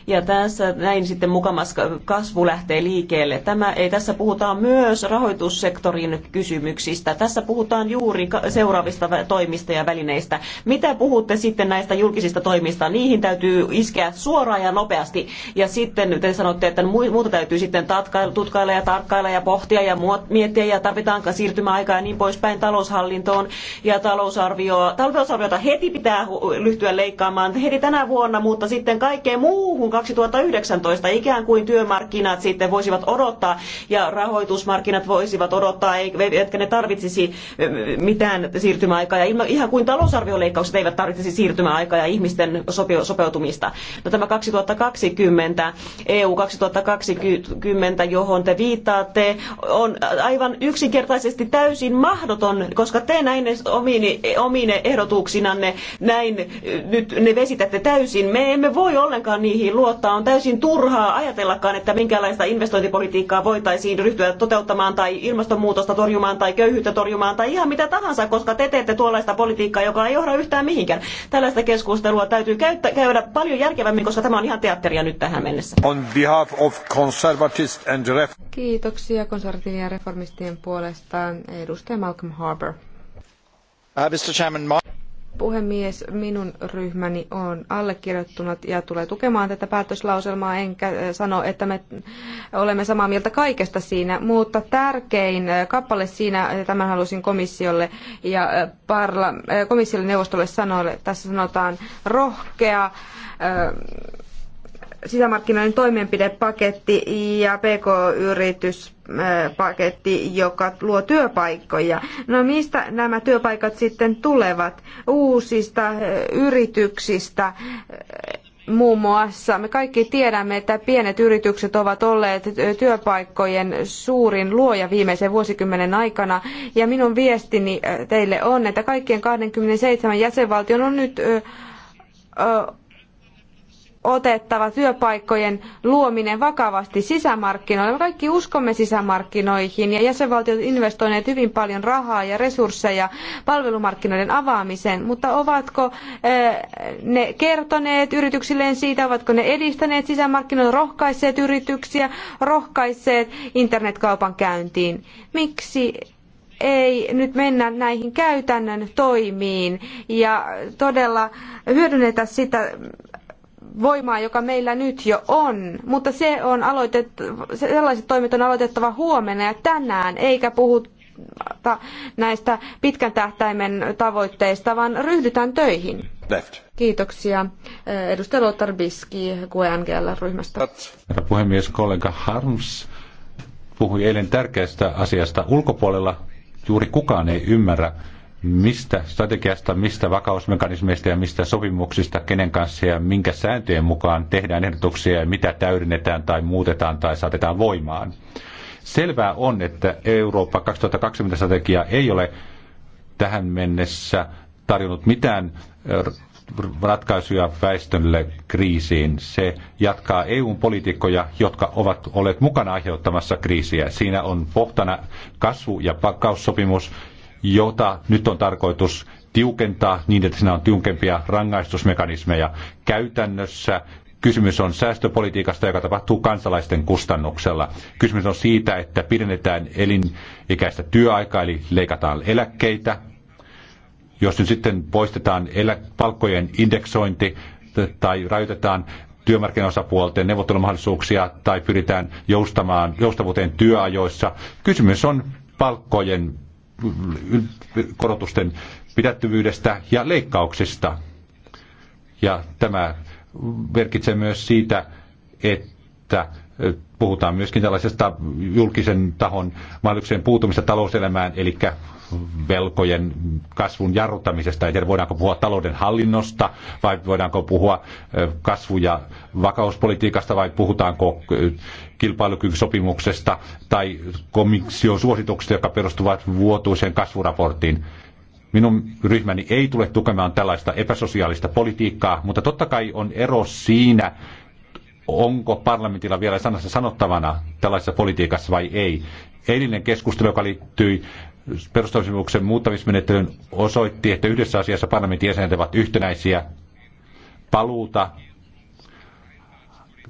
ja tässä näin sitten mukamas kasvu lähtee liikkeelle. Tämä, ei, tässä puhutaan myös rahoitussektorin kysymyksistä. Tässä puhutaan juuri seuraavista toimista ja välineistä. Mitä puhutte sitten näistä julkisista toimista? Niihin täytyy iskeä suoraan ja nopeasti. Ja sitten te sanotte, että muuta täytyy sitten tutkailla ja tarkkailla ja pohtia ja miettiä ja tarvitaanko siirtymäaikaa ja niin poispäin taloushallintoon ja talousarvioa. Talousarviota heti pitää lyhtyä leikkaamaan heti tänä vuonna, mutta sitten kaikkeen muuhun alkuun 2019, ikään kuin työmarkkinat sitten voisivat odottaa ja rahoitusmarkkinat voisivat odottaa, eivätkä ne tarvitsisi mitään siirtymäaikaa. Ja ihan kuin talousarvioleikkaukset eivät tarvitsisi siirtymäaikaa ja ihmisten sopeutumista. No tämä 2020, EU 2020, johon te viittaatte, on aivan yksinkertaisesti täysin mahdoton, koska te näin omine, omine ehdotuksinanne näin nyt ne vesitätte täysin. Me emme voi ollenkaan niihin luottaa, on täysin turhaa ajatellakaan, että minkälaista investointipolitiikkaa voitaisiin ryhtyä toteuttamaan tai ilmastonmuutosta torjumaan tai köyhyyttä torjumaan tai ihan mitä tahansa, koska te teette tuollaista politiikkaa, joka ei johda yhtään mihinkään. Tällaista keskustelua täytyy käyttä, käydä paljon järkevämmin, koska tämä on ihan teatteria nyt tähän mennessä. On behalf of and ref- Kiitoksia konservatiivien reformistien puolesta edustaja Malcolm Harbour. Uh, Mr. Chairman, my- puhemies, minun ryhmäni on allekirjoittunut ja tulee tukemaan tätä päätöslauselmaa, enkä äh, sano, että me olemme samaa mieltä kaikesta siinä, mutta tärkein äh, kappale siinä, äh, tämän halusin komissiolle ja parla, komissiolle neuvostolle sanoa, tässä sanotaan rohkea sisämarkkinoiden toimenpidepaketti ja PK-yrityspaketti, joka luo työpaikkoja. No mistä nämä työpaikat sitten tulevat? Uusista eh, yrityksistä eh, muun muassa. Me kaikki tiedämme, että pienet yritykset ovat olleet eh, työpaikkojen suurin luoja viimeisen vuosikymmenen aikana. Ja minun viestini teille on, että kaikkien 27 jäsenvaltion on nyt otettava työpaikkojen luominen vakavasti sisämarkkinoille. Me kaikki uskomme sisämarkkinoihin ja jäsenvaltiot investoineet hyvin paljon rahaa ja resursseja palvelumarkkinoiden avaamiseen, mutta ovatko eh, ne kertoneet yrityksilleen siitä, ovatko ne edistäneet sisämarkkinoita, rohkaisseet yrityksiä, rohkaisseet internetkaupan käyntiin? Miksi ei nyt mennä näihin käytännön toimiin ja todella hyödynnetä sitä voimaa, joka meillä nyt jo on, mutta se on aloitet, sellaiset toimet on aloitettava huomenna ja tänään, eikä puhuta näistä pitkän tähtäimen tavoitteista, vaan ryhdytään töihin. Left. Kiitoksia. Äh, edustaja Lothar Biski QNGL-ryhmästä. E puhemies, kollega Harms puhui eilen tärkeästä asiasta. Ulkopuolella juuri kukaan ei ymmärrä, mistä strategiasta, mistä vakausmekanismeista ja mistä sopimuksista, kenen kanssa ja minkä sääntöjen mukaan tehdään ehdotuksia ja mitä täydennetään tai muutetaan tai saatetaan voimaan. Selvää on, että Eurooppa 2020-strategia ei ole tähän mennessä tarjonnut mitään äh, ratkaisuja väestölle kriisiin. Se jatkaa EUn poliitikkoja, jotka ovat olleet mukana aiheuttamassa kriisiä. Siinä on pohtana kasvu- ja pakkaussopimus, jota nyt on tarkoitus tiukentaa niin, että siinä on tiukempia rangaistusmekanismeja. Käytännössä Kysymys on säästöpolitiikasta, joka tapahtuu kansalaisten kustannuksella. Kysymys on siitä, että pidennetään elinikäistä työaikaa, eli leikataan eläkkeitä. Jos nyt sitten poistetaan elä- palkkojen indeksointi tai rajoitetaan työmarkkinaosapuolten neuvottelumahdollisuuksia tai pyritään joustamaan, joustavuuteen työajoissa. Kysymys on palkkojen Mm-hmm. korotusten pidättyvyydestä ja leikkauksista. Ja tämä merkitsee myös siitä, että puhutaan myöskin tällaisesta julkisen tahon mahdollisuuksien puutumista talouselämään, eli velkojen kasvun jarruttamisesta. En tiedä, voidaanko puhua talouden hallinnosta vai voidaanko puhua kasvu- ja vakauspolitiikasta vai puhutaanko kilpailukykysopimuksesta tai komission suosituksista, jotka perustuvat vuotuiseen kasvuraporttiin. Minun ryhmäni ei tule tukemaan tällaista epäsosiaalista politiikkaa, mutta totta kai on ero siinä, onko parlamentilla vielä sanassa sanottavana tällaisessa politiikassa vai ei. Eilinen keskustelu, joka liittyi perustamisen muuttamismenettelyyn, osoitti, että yhdessä asiassa parlamentin jäsenet ovat yhtenäisiä. Paluuta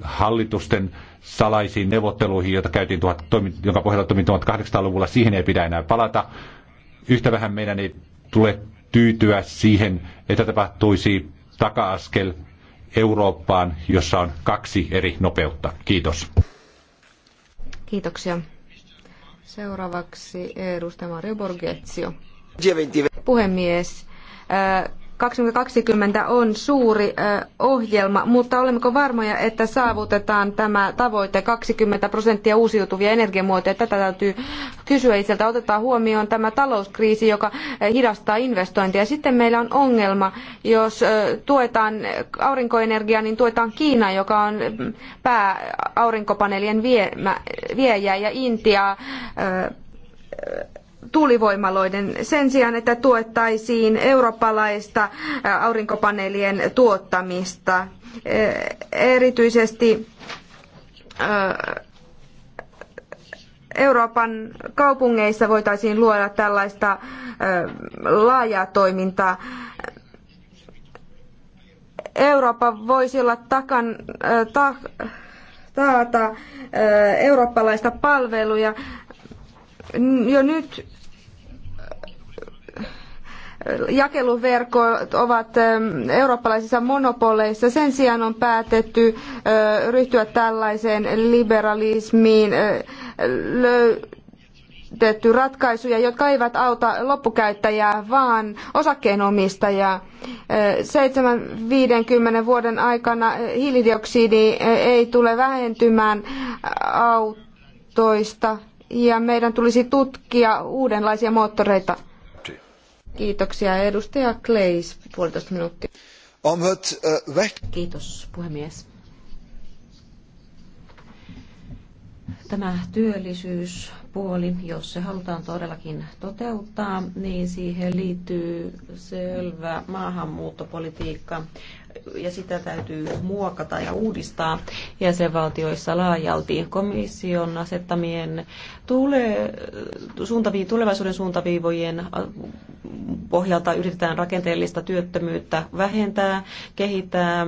hallitusten salaisiin neuvotteluihin, joita käytiin tuhat, jonka pohjalta toimin 1800-luvulla, siihen ei pidä enää palata. Yhtä vähän meidän ei tule tyytyä siihen, että tapahtuisi taka-askel Eurooppaan, jossa on kaksi eri nopeutta. Kiitos. Kiitoksia. Seuraavaksi edustaja Mario Borgetsio. Puhemies, äh, 2020 on suuri ohjelma, mutta olemmeko varmoja, että saavutetaan tämä tavoite 20 prosenttia uusiutuvia energiamuotoja? Tätä täytyy kysyä itseltä. Otetaan huomioon tämä talouskriisi, joka hidastaa investointeja. Sitten meillä on ongelma, jos tuetaan aurinkoenergiaa, niin tuetaan Kiinaa, joka on pää aurinkopaneelien viejä ja Intiaa tuulivoimaloiden sen sijaan, että tuettaisiin eurooppalaista aurinkopaneelien tuottamista. Erityisesti Euroopan kaupungeissa voitaisiin luoda tällaista laajaa toimintaa. Eurooppa voisi olla takan, ta, taata eurooppalaista palveluja jo nyt äh, jakeluverkot ovat ähm, eurooppalaisissa monopoleissa. Sen sijaan on päätetty äh, ryhtyä tällaiseen liberalismiin äh, löydetty ratkaisuja, jotka eivät auta loppukäyttäjää, vaan osakkeenomistajaa. 750 vuoden aikana hiilidioksidi ei tule vähentymään autoista ja meidän tulisi tutkia uudenlaisia moottoreita. Kiitoksia. Edustaja Kleis, puolitoista minuuttia. Eh, Kiitos, puhemies. Tämä työllisyyspuoli, jos se halutaan todellakin toteuttaa, niin siihen liittyy selvä maahanmuuttopolitiikka ja sitä täytyy muokata ja uudistaa jäsenvaltioissa laajalti. Komission asettamien tule, suuntavi, tulevaisuuden suuntaviivojen pohjalta yritetään rakenteellista työttömyyttä vähentää, kehittää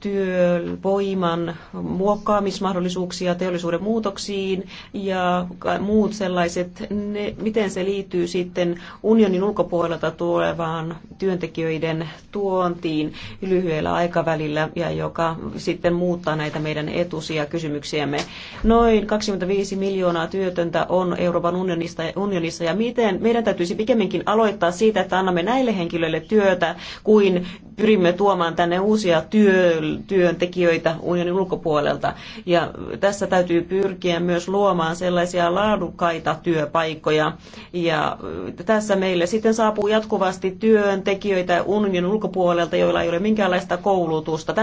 työvoiman muokkaamismahdollisuuksia teollisuuden muutoksiin ja muut sellaiset, ne, miten se liittyy sitten unionin ulkopuolelta tulevaan työntekijöiden tuontiin lyhyellä aikavälillä ja joka sitten muuttaa näitä meidän etusia kysymyksiämme. Noin 25 miljoonaa työtöntä on Euroopan unionista, unionissa ja miten meidän täytyisi pikemminkin aloittaa siitä, että annamme näille henkilöille työtä kuin pyrimme tuomaan tänne uusia työ työntekijöitä unionin ulkopuolelta. Ja tässä täytyy pyrkiä myös luomaan sellaisia laadukkaita työpaikkoja. Ja tässä meille sitten saapuu jatkuvasti työntekijöitä unionin ulkopuolelta, joilla ei ole minkäänlaista koulutusta.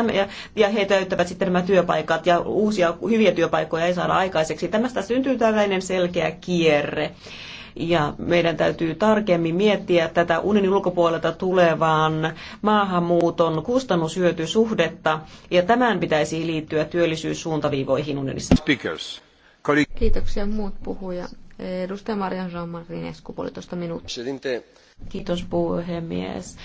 Ja he täyttävät sitten nämä työpaikat ja uusia hyviä työpaikkoja ei saada aikaiseksi. Tämästä syntyy tällainen selkeä kierre ja meidän täytyy tarkemmin miettiä tätä unionin ulkopuolelta tulevaan maahanmuuton kustannushyötysuhdetta ja tämän pitäisi liittyä työllisyyssuuntaviivoihin unionissa. Speakers. Kiitoksia muut puhuja. Edustaja Marian Jean-Marie Nesku, puolitoista minuuttia. Kiitos puhemies.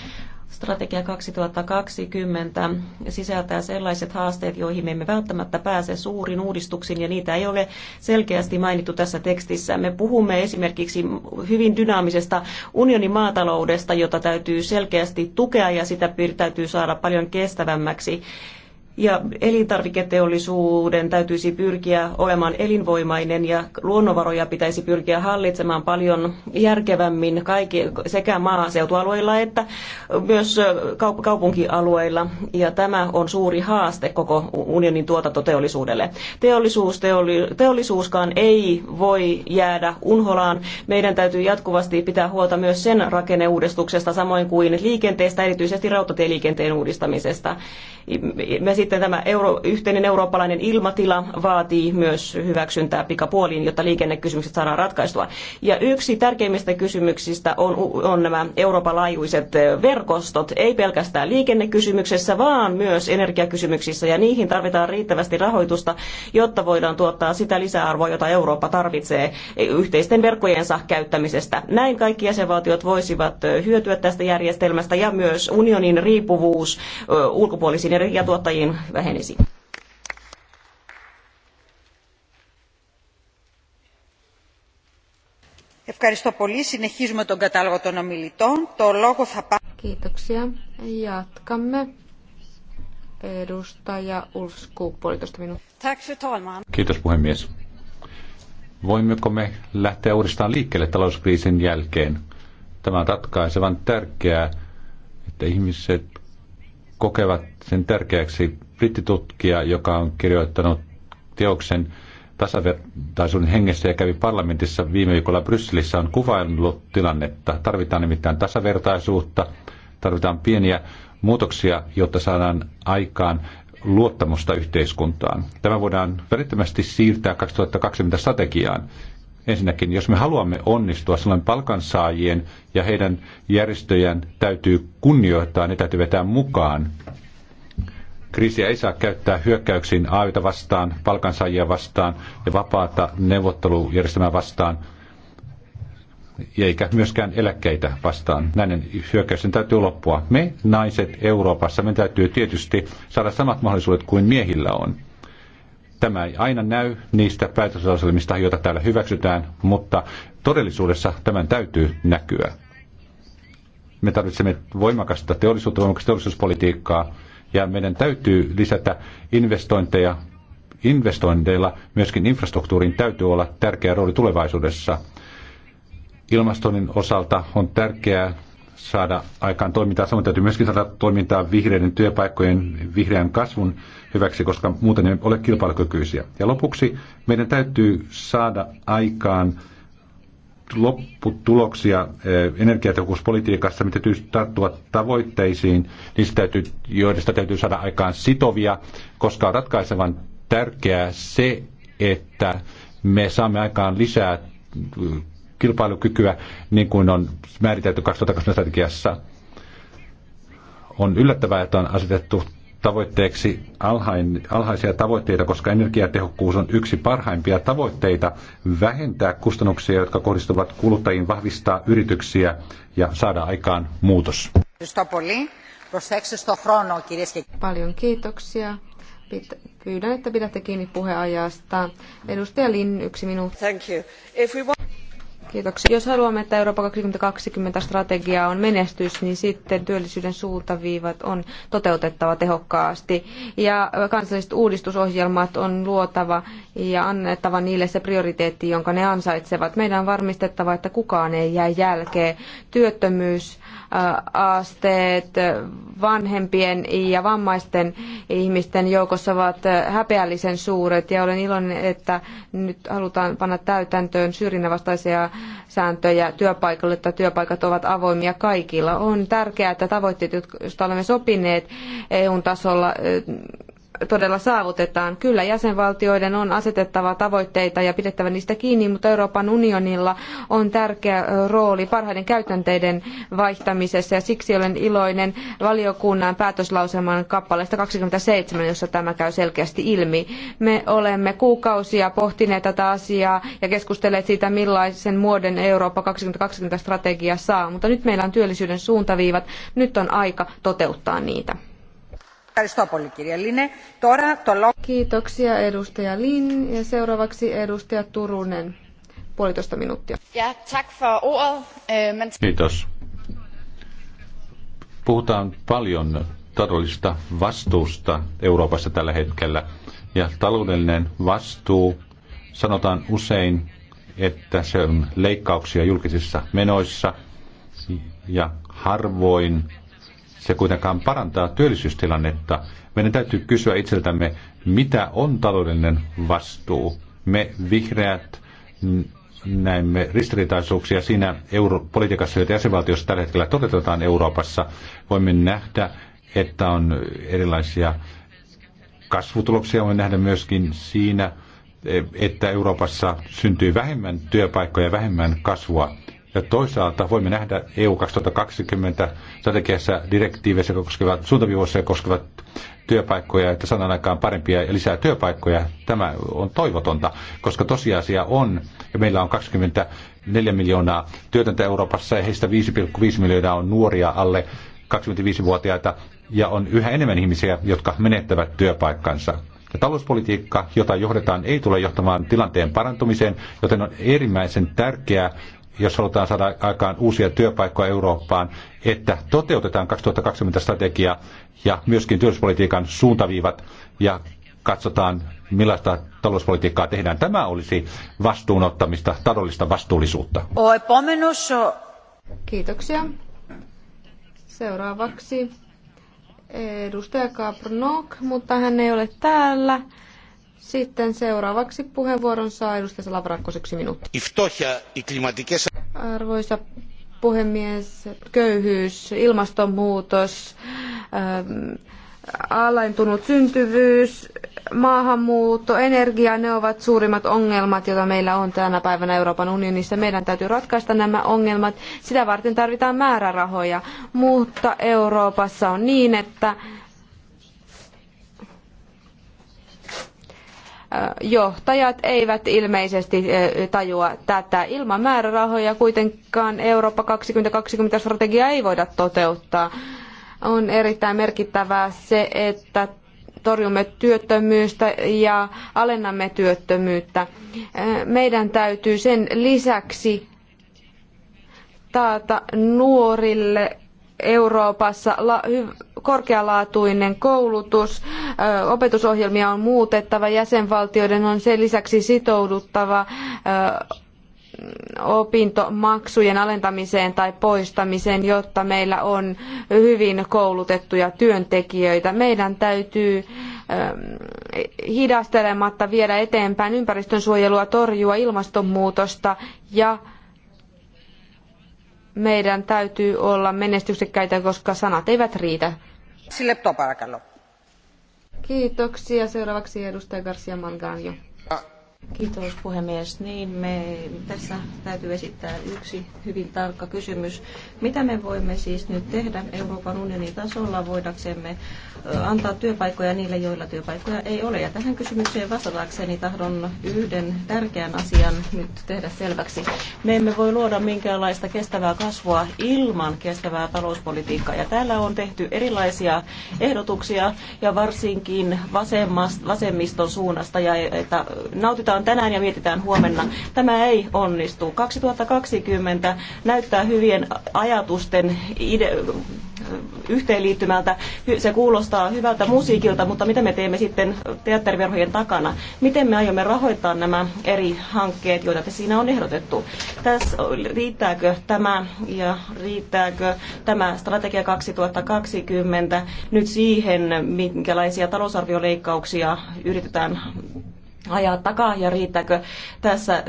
Strategia 2020 sisältää sellaiset haasteet, joihin me emme välttämättä pääse suurin uudistuksiin, ja niitä ei ole selkeästi mainittu tässä tekstissä. Me puhumme esimerkiksi hyvin dynaamisesta unionin maataloudesta, jota täytyy selkeästi tukea, ja sitä täytyy saada paljon kestävämmäksi ja elintarviketeollisuuden täytyisi pyrkiä olemaan elinvoimainen ja luonnonvaroja pitäisi pyrkiä hallitsemaan paljon järkevämmin kaikki, sekä maaseutualueilla että myös kaupunkialueilla. Ja tämä on suuri haaste koko unionin tuotantoteollisuudelle. Teollisuus, teoli, teollisuuskaan ei voi jäädä unholaan. Meidän täytyy jatkuvasti pitää huolta myös sen rakenneuudistuksesta, samoin kuin liikenteestä, erityisesti rautatieliikenteen uudistamisesta. Me sitten tämä euro, yhteinen eurooppalainen ilmatila vaatii myös hyväksyntää pikapuoliin, jotta liikennekysymykset saadaan ratkaistua. Ja yksi tärkeimmistä kysymyksistä on, on nämä Euroopan laajuiset verkostot, ei pelkästään liikennekysymyksessä, vaan myös energiakysymyksissä, ja niihin tarvitaan riittävästi rahoitusta, jotta voidaan tuottaa sitä lisäarvoa, jota Eurooppa tarvitsee yhteisten verkkojensa käyttämisestä. Näin kaikki jäsenvaltiot voisivat hyötyä tästä järjestelmästä, ja myös unionin riippuvuus ulkopuolisiin energiatuottajiin paljon vähenisi. Ευχαριστώ πολύ. Συνεχίζουμε τον κατάλογο των ομιλητών. Το λόγο θα πάρει. Kiitoksia. Jatkamme. Edustaja Ulf Skog, puolitoista minuuttia. Kiitos puhemies. Voimmeko me lähteä uudestaan liikkeelle talouskriisin jälkeen? Tämä on ratkaisevan tärkeää, että ihmiset kokevat sen tärkeäksi brittitutkija, joka on kirjoittanut teoksen tasavertaisuuden hengessä ja kävi parlamentissa viime viikolla Brysselissä, on kuvaillut tilannetta. Tarvitaan nimittäin tasavertaisuutta, tarvitaan pieniä muutoksia, jotta saadaan aikaan luottamusta yhteiskuntaan. Tämä voidaan välittömästi siirtää 2020 strategiaan. Ensinnäkin, jos me haluamme onnistua, silloin palkansaajien ja heidän järjestöjään täytyy kunnioittaa, ne täytyy vetää mukaan. Kriisiä ei saa käyttää hyökkäyksiin AYta vastaan, palkansaajia vastaan ja vapaata neuvottelujärjestelmää vastaan, eikä myöskään eläkkeitä vastaan. Näiden hyökkäysten täytyy loppua. Me, naiset Euroopassa, me täytyy tietysti saada samat mahdollisuudet kuin miehillä on Tämä ei aina näy niistä päätöslauselmista, joita täällä hyväksytään, mutta todellisuudessa tämän täytyy näkyä. Me tarvitsemme voimakasta teollisuutta, voimakasta teollisuuspolitiikkaa ja meidän täytyy lisätä investointeja. Investointeilla myöskin infrastruktuurin täytyy olla tärkeä rooli tulevaisuudessa. Ilmastonin osalta on tärkeää saada aikaan toimintaa. Samoin täytyy myöskin saada toimintaa vihreiden työpaikkojen, vihreän kasvun hyväksi, koska muuten ne ole kilpailukykyisiä. Ja lopuksi meidän täytyy saada aikaan lopputuloksia eh, energiatehokkuuspolitiikassa, mitä täytyy tarttua tavoitteisiin, niin täytyy, joista täytyy saada aikaan sitovia, koska on ratkaisevan tärkeää se, että me saamme aikaan lisää kilpailukykyä, niin kuin on määritelty 2020 strategiassa. On yllättävää, että on asetettu tavoitteeksi alhain, alhaisia tavoitteita, koska energiatehokkuus on yksi parhaimpia tavoitteita vähentää kustannuksia, jotka kohdistuvat kuluttajiin, vahvistaa yrityksiä ja saada aikaan muutos. Paljon kiitoksia. Pyydän, että pidätte kiinni puheajasta. Edustaja Lin, yksi minuutti. Kiitoksia. Jos haluamme, että Eurooppa 2020 strategia on menestys, niin sitten työllisyyden suuntaviivat on toteutettava tehokkaasti. Ja kansalliset uudistusohjelmat on luotava ja annettava niille se prioriteetti, jonka ne ansaitsevat. Meidän on varmistettava, että kukaan ei jää jälkeen. Työttömyys asteet vanhempien ja vammaisten ihmisten joukossa ovat häpeällisen suuret ja olen iloinen, että nyt halutaan panna täytäntöön syrjinnävastaisia sääntöjä työpaikalle, että työpaikat ovat avoimia kaikilla. On tärkeää, että tavoitteet, joista olemme sopineet EUn tasolla, todella saavutetaan. Kyllä jäsenvaltioiden on asetettava tavoitteita ja pidettävä niistä kiinni, mutta Euroopan unionilla on tärkeä rooli parhaiden käytänteiden vaihtamisessa ja siksi olen iloinen valiokunnan päätöslauselman kappaleesta 27, jossa tämä käy selkeästi ilmi. Me olemme kuukausia pohtineet tätä asiaa ja keskustelleet siitä, millaisen muodon Eurooppa 2020 strategia saa, mutta nyt meillä on työllisyyden suuntaviivat, nyt on aika toteuttaa niitä edustaja ja seuraavaksi edustaja Turunen. Puolitoista minuuttia. Ja, tack ordet. Kiitos. Puhutaan paljon taloudellisesta vastuusta Euroopassa tällä hetkellä. Ja taloudellinen vastuu, sanotaan usein, että se on leikkauksia julkisissa menoissa ja harvoin se kuitenkaan parantaa työllisyystilannetta. Meidän täytyy kysyä itseltämme, mitä on taloudellinen vastuu. Me vihreät näemme ristiriitaisuuksia siinä euro- politiikassa, joita jäsenvaltiossa tällä hetkellä toteutetaan Euroopassa. Voimme nähdä, että on erilaisia kasvutuloksia. Voimme nähdä myöskin siinä, että Euroopassa syntyy vähemmän työpaikkoja, vähemmän kasvua. Ja toisaalta voimme nähdä EU 2020 strategiassa direktiiveissä koskevat suuntaviivoissa koskevat työpaikkoja, että saadaan aikaan parempia ja lisää työpaikkoja. Tämä on toivotonta, koska tosiasia on, ja meillä on 24 miljoonaa työtöntä Euroopassa ja heistä 5,5 miljoonaa on nuoria alle 25-vuotiaita ja on yhä enemmän ihmisiä, jotka menettävät työpaikkansa. Ja talouspolitiikka, jota johdetaan, ei tule johtamaan tilanteen parantumiseen, joten on erimmäisen tärkeää, jos halutaan saada aikaan uusia työpaikkoja Eurooppaan, että toteutetaan 2020 strategia ja myöskin työllisyyspolitiikan suuntaviivat ja katsotaan, millaista talouspolitiikkaa tehdään. Tämä olisi vastuunottamista, taloudellista vastuullisuutta. Oi, Kiitoksia. Seuraavaksi edustaja Kaprnok, mutta hän ei ole täällä. Sitten seuraavaksi puheenvuoron saa edustaja Salavrakko yksi minuutti. Arvoisa puhemies, köyhyys, ilmastonmuutos, ähm, alentunut syntyvyys, maahanmuutto, energia, ne ovat suurimmat ongelmat, joita meillä on tänä päivänä Euroopan unionissa. Meidän täytyy ratkaista nämä ongelmat. Sitä varten tarvitaan määrärahoja, mutta Euroopassa on niin, että johtajat eivät ilmeisesti eh, tajua tätä. Ilman määrärahoja kuitenkaan Eurooppa 2020 strategiaa ei voida toteuttaa. On erittäin merkittävää se, että torjumme työttömyyttä ja alennamme työttömyyttä. Eh, meidän täytyy sen lisäksi taata nuorille Euroopassa korkealaatuinen koulutus, opetusohjelmia on muutettava, jäsenvaltioiden on sen lisäksi sitouduttava opintomaksujen alentamiseen tai poistamiseen, jotta meillä on hyvin koulutettuja työntekijöitä. Meidän täytyy hidastelematta viedä eteenpäin ympäristönsuojelua, torjua ilmastonmuutosta ja meidän täytyy olla menestyksekkäitä, koska sanat eivät riitä Kiitoksia. Seuraavaksi edustaja Garcia Malgano. Kiitos puhemies. Niin, me, tässä täytyy esittää yksi hyvin tarkka kysymys. Mitä me voimme siis nyt tehdä Euroopan unionin tasolla voidaksemme antaa työpaikkoja niille, joilla työpaikkoja ei ole? Ja tähän kysymykseen vastatakseni tahdon yhden tärkeän asian nyt tehdä selväksi. Me emme voi luoda minkäänlaista kestävää kasvua ilman kestävää talouspolitiikkaa. Ja täällä on tehty erilaisia ehdotuksia ja varsinkin vasemmast, vasemmiston suunnasta ja että nautitaan puhutaan tänään ja mietitään huomenna. Tämä ei onnistu. 2020 näyttää hyvien ajatusten ide- yhteenliittymältä. Se kuulostaa hyvältä musiikilta, mutta mitä me teemme sitten teatteriverhojen takana? Miten me aiomme rahoittaa nämä eri hankkeet, joita te siinä on ehdotettu? Tässä riittääkö tämä ja riittääkö tämä strategia 2020 nyt siihen, minkälaisia talousarvioleikkauksia yritetään ajaa takaa ja riittääkö tässä äh,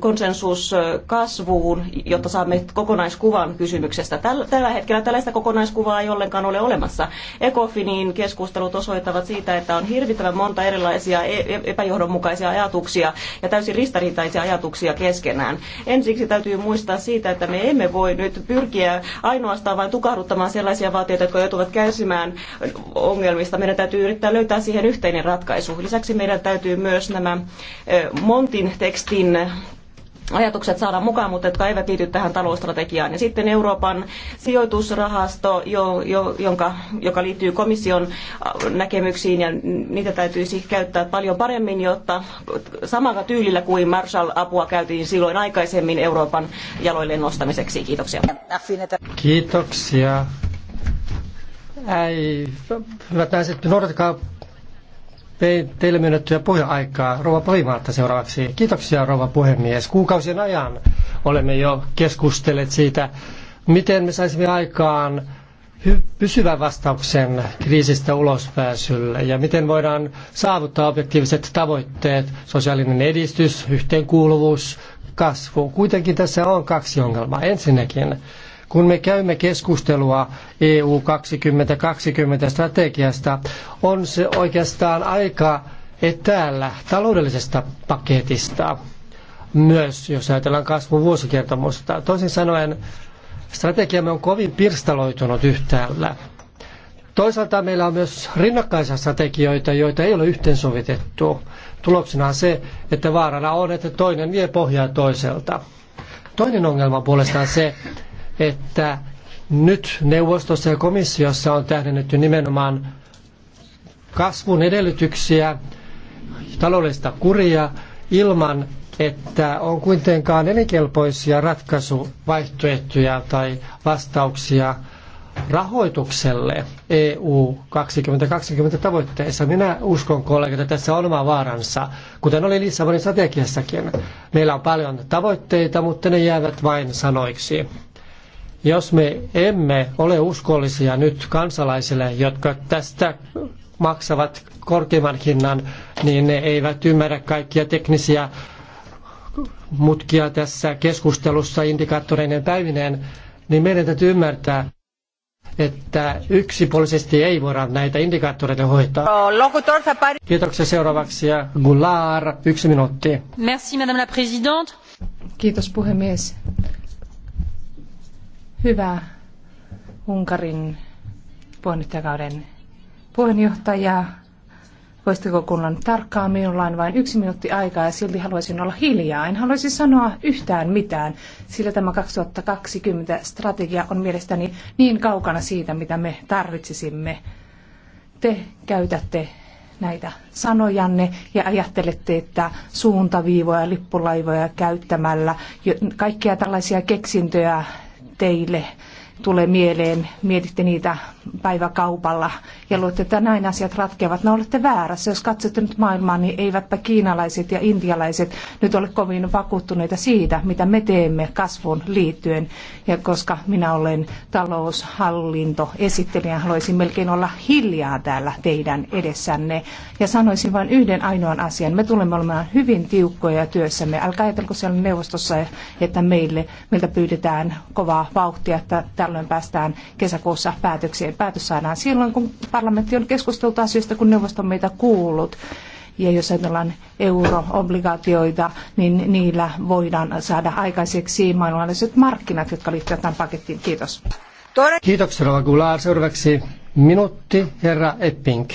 konsensus äh, kasvuun, jotta saamme kokonaiskuvan kysymyksestä. Tällä hetkellä tällaista kokonaiskuvaa ei ollenkaan ole olemassa. Ecofinin keskustelut osoittavat siitä, että on hirvittävän monta erilaisia e-, e-, epäjohdonmukaisia ajatuksia ja täysin ristariitaisia ajatuksia keskenään. Ensiksi täytyy muistaa siitä, että me emme voi nyt pyrkiä ainoastaan vain tukahduttamaan sellaisia vaatioita, jotka joutuvat kärsimään ongelmista. Meidän täytyy yrittää löytää siihen yhteinen ratkaisu. Lisäksi meidän täytyy myös nämä Montin tekstin ajatukset saada mukaan, mutta jotka eivät liity tähän talousstrategiaan. Ja sitten Euroopan sijoitusrahasto, jo, jo, jonka, joka liittyy komission näkemyksiin, ja niitä täytyisi käyttää paljon paremmin, jotta samalla tyylillä kuin Marshall-apua käytiin silloin aikaisemmin Euroopan jaloille nostamiseksi. Kiitoksia. Kiitoksia. Ei, hyvät naiset, noudatkaa teille myönnettyä puheaikaa rouva Poimaatta seuraavaksi. Kiitoksia rouva puhemies. Kuukausien ajan olemme jo keskustelleet siitä, miten me saisimme aikaan pysyvän vastauksen kriisistä ulospääsylle ja miten voidaan saavuttaa objektiiviset tavoitteet, sosiaalinen edistys, yhteenkuuluvuus, kasvu. Kuitenkin tässä on kaksi ongelmaa. Ensinnäkin kun me käymme keskustelua EU 2020 strategiasta, on se oikeastaan aika etäällä taloudellisesta paketista. Myös jos ajatellaan kasvun vuosikertomusta. Toisin sanoen strategiamme on kovin pirstaloitunut yhtäällä. Toisaalta meillä on myös rinnakkaisia strategioita, joita ei ole yhteensovitettu. Tuloksena on se, että vaarana on, että toinen vie pohjaa toiselta. Toinen ongelma on puolestaan se, että nyt neuvostossa ja komissiossa on tähdennetty nimenomaan kasvun edellytyksiä, taloudellista kuria ilman, että on kuitenkaan elinkelpoisia ratkaisuvaihtoehtoja tai vastauksia rahoitukselle EU 2020 tavoitteessa Minä uskon kollegat, että tässä on oma vaaransa, kuten oli Lissabonin strategiassakin. Meillä on paljon tavoitteita, mutta ne jäävät vain sanoiksi. Jos me emme ole uskollisia nyt kansalaisille, jotka tästä maksavat korkeimman hinnan, niin ne eivät ymmärrä kaikkia teknisiä mutkia tässä keskustelussa indikaattoreiden päivineen, niin meidän täytyy ymmärtää, että yksipuolisesti ei voida näitä indikaattoreita hoitaa. Kiitoksia seuraavaksi ja Gular, yksi minuutti. Merci, madame la présidente. Kiitos puhemies hyvä Unkarin puheenjohtajakauden puheenjohtaja. Voisitteko kuunnella tarkkaan? Minulla on vain yksi minuutti aikaa ja silti haluaisin olla hiljaa. En haluaisi sanoa yhtään mitään, sillä tämä 2020 strategia on mielestäni niin kaukana siitä, mitä me tarvitsisimme. Te käytätte näitä sanojanne ja ajattelette, että suuntaviivoja, lippulaivoja käyttämällä, kaikkia tällaisia keksintöjä teille tulee mieleen, mietitte niitä päiväkaupalla ja luulette, että näin asiat ratkeavat. No olette väärässä, jos katsotte nyt maailmaa, niin eivätpä kiinalaiset ja intialaiset nyt ole kovin vakuuttuneita siitä, mitä me teemme kasvun liittyen. Ja koska minä olen taloushallinto esittelijä, haluaisin melkein olla hiljaa täällä teidän edessänne. Ja sanoisin vain yhden ainoan asian. Me tulemme olemaan hyvin tiukkoja työssämme. Älkää ajatelko siellä neuvostossa, että meille, meiltä pyydetään kovaa vauhtia, että Tällöin päästään kesäkuussa päätökseen. Päätös saadaan silloin, kun parlamentti on keskustellut asioista, kun neuvosto on meitä kuullut. Ja jos ajatellaan euroobligaatioita, niin niillä voidaan saada aikaiseksi maailmanlaiset markkinat, jotka liittyvät tämän pakettiin. Kiitos. Kiitoksia, Rova Seuraavaksi Minuutti, herra Epping.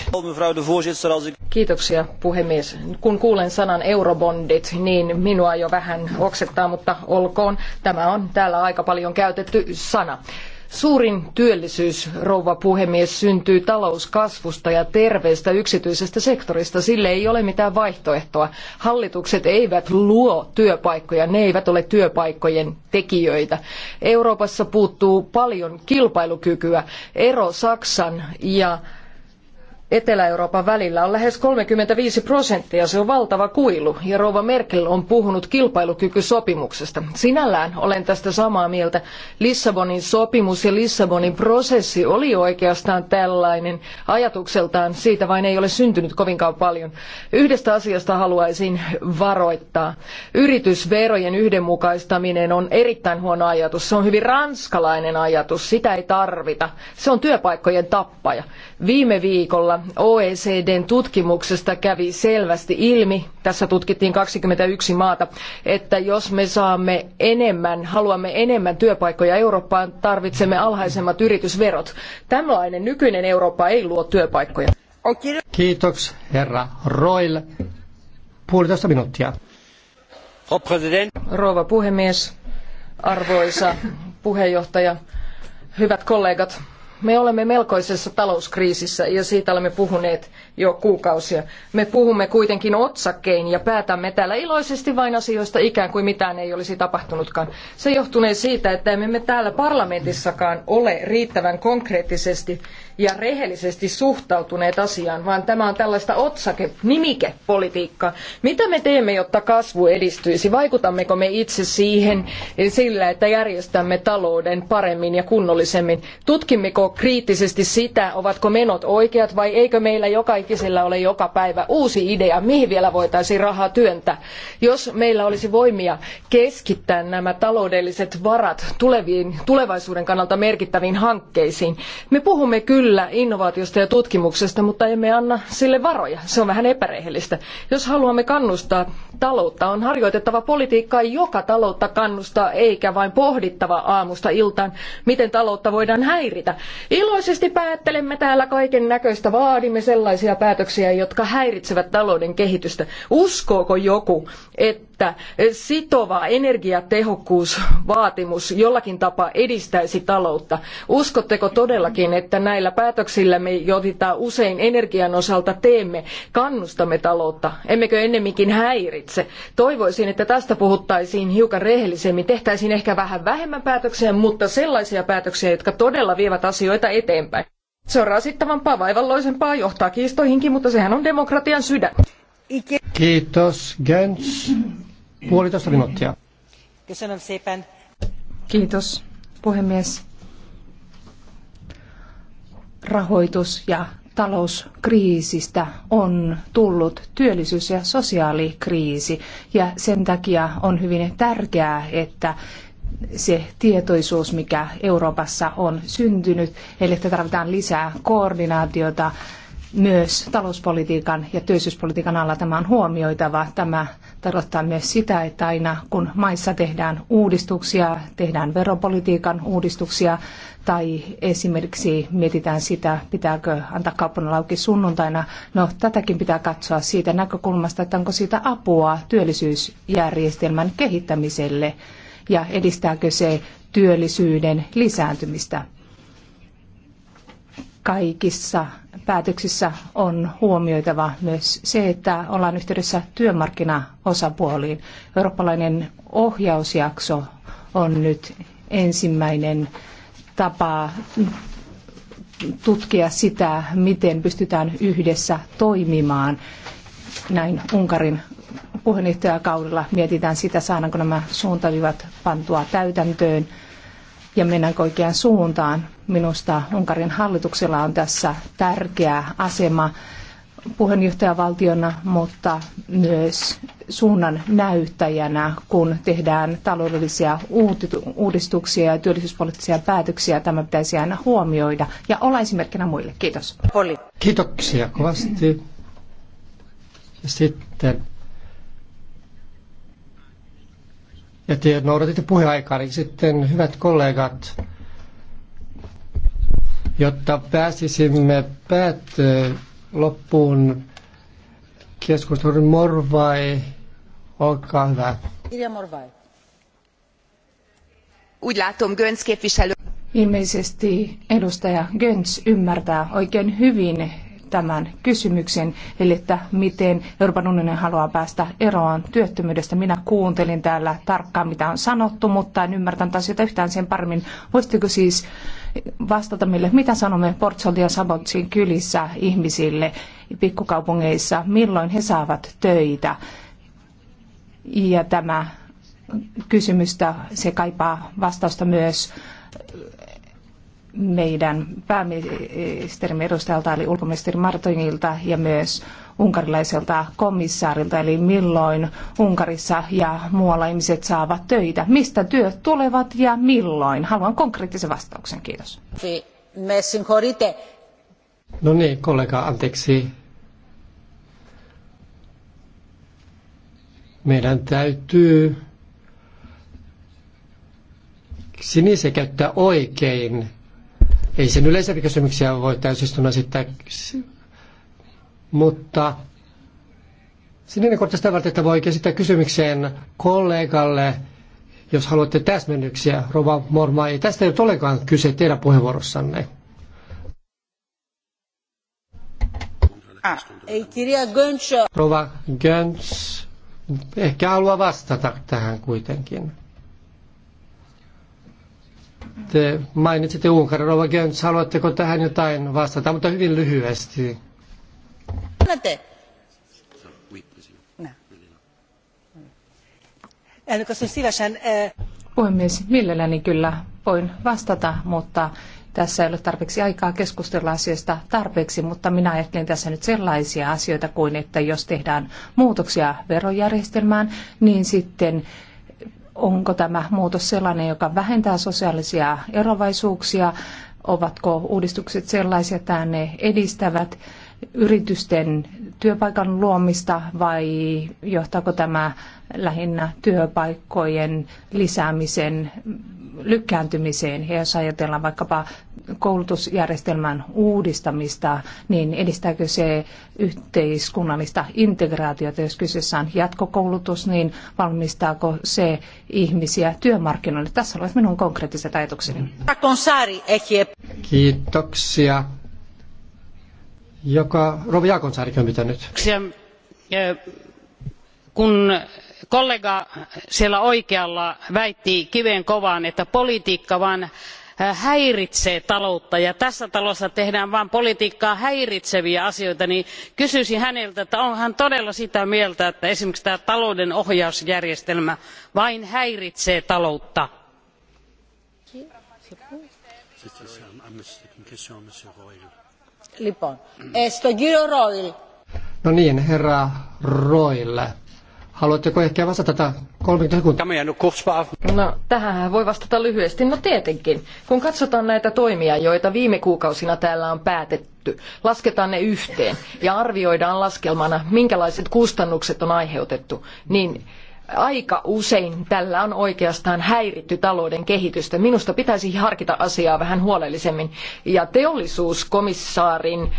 Kiitoksia, puhemies. Kun kuulen sanan eurobondit, niin minua jo vähän oksettaa, mutta olkoon. Tämä on täällä aika paljon käytetty sana. Suurin työllisyys, rouva puhemies, syntyy talouskasvusta ja terveestä yksityisestä sektorista. Sille ei ole mitään vaihtoehtoa. Hallitukset eivät luo työpaikkoja, ne eivät ole työpaikkojen tekijöitä. Euroopassa puuttuu paljon kilpailukykyä. Ero Saksan ja Etelä-Euroopan välillä on lähes 35 prosenttia. Se on valtava kuilu ja rouva Merkel on puhunut kilpailukykysopimuksesta. Sinällään olen tästä samaa mieltä. Lissabonin sopimus ja Lissabonin prosessi oli oikeastaan tällainen. Ajatukseltaan siitä vain ei ole syntynyt kovinkaan paljon. Yhdestä asiasta haluaisin varoittaa. Yritysverojen yhdenmukaistaminen on erittäin huono ajatus. Se on hyvin ranskalainen ajatus. Sitä ei tarvita. Se on työpaikkojen tappaja. Viime viikolla mutta OECDn tutkimuksesta kävi selvästi ilmi, tässä tutkittiin 21 maata, että jos me saamme enemmän, haluamme enemmän työpaikkoja Eurooppaan, tarvitsemme alhaisemmat yritysverot. Tällainen nykyinen Eurooppa ei luo työpaikkoja. Kiitos herra Roil. Puolitoista minuuttia. Rouva puhemies, arvoisa puheenjohtaja, hyvät kollegat. Me olemme melkoisessa talouskriisissä ja siitä olemme puhuneet jo kuukausia. Me puhumme kuitenkin otsakkein ja päätämme täällä iloisesti vain asioista ikään kuin mitään ei olisi tapahtunutkaan. Se johtunee siitä, että emme me täällä parlamentissakaan ole riittävän konkreettisesti ja rehellisesti suhtautuneet asiaan, vaan tämä on tällaista otsake, nimikepolitiikkaa. Mitä me teemme, jotta kasvu edistyisi? Vaikutammeko me itse siihen sillä, että järjestämme talouden paremmin ja kunnollisemmin? Tutkimmeko kriittisesti sitä, ovatko menot oikeat vai eikö meillä joka ikisellä ole joka päivä uusi idea, mihin vielä voitaisiin rahaa työntää? Jos meillä olisi voimia keskittää nämä taloudelliset varat tuleviin, tulevaisuuden kannalta merkittäviin hankkeisiin, me puhumme kyllä kyllä innovaatiosta ja tutkimuksesta, mutta emme anna sille varoja. Se on vähän epärehellistä. Jos haluamme kannustaa taloutta, on harjoitettava politiikkaa, joka taloutta kannustaa, eikä vain pohdittava aamusta iltaan, miten taloutta voidaan häiritä. Iloisesti päättelemme täällä kaiken näköistä, vaadimme sellaisia päätöksiä, jotka häiritsevät talouden kehitystä. Uskooko joku, että sitova energiatehokkuusvaatimus jollakin tapaa edistäisi taloutta? Uskotteko todellakin, että näillä päätöksillämme, joita usein energian osalta teemme, kannustamme taloutta, emmekö ennemminkin häiritse. Toivoisin, että tästä puhuttaisiin hiukan rehellisemmin, tehtäisiin ehkä vähän vähemmän päätöksiä, mutta sellaisia päätöksiä, jotka todella vievät asioita eteenpäin. Se on rasittavampaa, vaivalloisempaa, johtaa kiistoihinkin, mutta sehän on demokratian sydän. Kiitos, Gens. Puolitoista minuuttia. Kiitos, puhemies rahoitus- ja talouskriisistä on tullut työllisyys- ja sosiaalikriisi ja sen takia on hyvin tärkeää, että se tietoisuus, mikä Euroopassa on syntynyt, eli että tarvitaan lisää koordinaatiota myös talouspolitiikan ja työllisyyspolitiikan alla tämä on huomioitava. Tämä tarkoittaa myös sitä, että aina kun maissa tehdään uudistuksia, tehdään veropolitiikan uudistuksia tai esimerkiksi mietitään sitä, pitääkö antaa kaupan auki sunnuntaina, no tätäkin pitää katsoa siitä näkökulmasta, että onko siitä apua työllisyysjärjestelmän kehittämiselle ja edistääkö se työllisyyden lisääntymistä kaikissa päätöksissä on huomioitava myös se, että ollaan yhteydessä työmarkkinaosapuoliin. Eurooppalainen ohjausjakso on nyt ensimmäinen tapa tutkia sitä, miten pystytään yhdessä toimimaan. Näin Unkarin puheenjohtajakaudella mietitään sitä, saadaanko nämä suuntavivat pantua täytäntöön ja mennäänkö oikeaan suuntaan. Minusta Unkarin hallituksella on tässä tärkeä asema puheenjohtajavaltiona, mutta myös suunnan näyttäjänä, kun tehdään taloudellisia uudistuksia ja työllisyyspoliittisia päätöksiä. Tämä pitäisi aina huomioida ja olla esimerkkinä muille. Kiitos. Poli. Kiitoksia kovasti. Sitten ja te noudatitte puheaikaa, niin sitten hyvät kollegat, Jotta pääsisimme päät loppuun keskustelun Morvai, olkaa hyvä. Kirja Morvai. Úgy látom, Gönc képviselő. Ilmeisesti edustaja Göns ymmärtää oikein hyvin tämän kysymyksen, eli että miten Euroopan unioni haluaa päästä eroon työttömyydestä. Minä kuuntelin täällä tarkkaan, mitä on sanottu, mutta en ymmärtänyt asioita yhtään sen paremmin. Voisitteko siis vastata meille, mitä sanomme Portsolti ja Sabotsin kylissä ihmisille pikkukaupungeissa, milloin he saavat töitä? Ja tämä kysymystä, se kaipaa vastausta myös meidän pääministerimme edustajalta eli ulkoministeri Martonilta ja myös unkarilaiselta komissaarilta, eli milloin Unkarissa ja muualla ihmiset saavat töitä, mistä työt tulevat ja milloin. Haluan konkreettisen vastauksen, kiitos. No niin, kollega, anteeksi. Meidän täytyy sinisen käyttää oikein ei sen yleisempiä kysymyksiä voi täysistunnon sitten, mutta sininen kortti sitä varten, että voi esittää kysymykseen kollegalle, jos haluatte täsmennyksiä. Rova Morma, ei tästä ei ole olekaan kyse teidän puheenvuorossanne. Ah, ei kirja Göns. Rova Göns ehkä haluaa vastata tähän kuitenkin. Te mainitsitte Unkarin. Rova Gens, haluatteko tähän jotain vastata, mutta hyvin lyhyesti. Puhemies, mielelläni kyllä voin vastata, mutta tässä ei ole tarpeeksi aikaa keskustella asiasta tarpeeksi, mutta minä ajattelen tässä nyt sellaisia asioita kuin, että jos tehdään muutoksia verojärjestelmään, niin sitten onko tämä muutos sellainen, joka vähentää sosiaalisia eroavaisuuksia, ovatko uudistukset sellaisia, että ne edistävät yritysten työpaikan luomista vai johtaako tämä lähinnä työpaikkojen lisäämisen lykkääntymiseen. Ja jos ajatellaan vaikkapa koulutusjärjestelmän uudistamista, niin edistääkö se yhteiskunnallista integraatiota? Jos kyseessä on jatkokoulutus, niin valmistaako se ihmisiä työmarkkinoille? Tässä olivat minun konkreettiset ajatukseni. Kiitoksia. Joka Rovi Jaakonsaarikin on pitänyt. Kun kollega siellä oikealla väitti kivenkovaan että politiikka vain äh, häiritsee taloutta ja tässä talossa tehdään vain politiikkaa häiritseviä asioita niin kysyisin häneltä että onko hän todella sitä mieltä että esimerkiksi tämä talouden ohjausjärjestelmä vain häiritsee taloutta? No niin, herra Roille. Haluatteko ehkä vastata tätä 30 sekuntia? No, tähän voi vastata lyhyesti. No tietenkin. Kun katsotaan näitä toimia, joita viime kuukausina täällä on päätetty, lasketaan ne yhteen ja arvioidaan laskelmana, minkälaiset kustannukset on aiheutettu, niin aika usein tällä on oikeastaan häiritty talouden kehitystä. Minusta pitäisi harkita asiaa vähän huolellisemmin. Ja teollisuuskomissaarin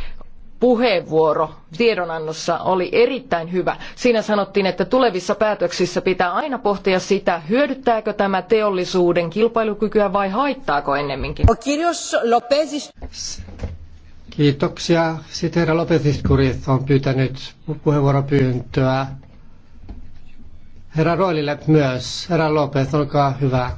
puheenvuoro tiedonannossa oli erittäin hyvä. Siinä sanottiin, että tulevissa päätöksissä pitää aina pohtia sitä, hyödyttääkö tämä teollisuuden kilpailukykyä vai haittaako ennemminkin. Kiitoksia. Sitten herra Lopeziskurit on pyytänyt puheenvuoropyyntöä. Herra Roilille myös. Herra Lopez, olkaa hyvä.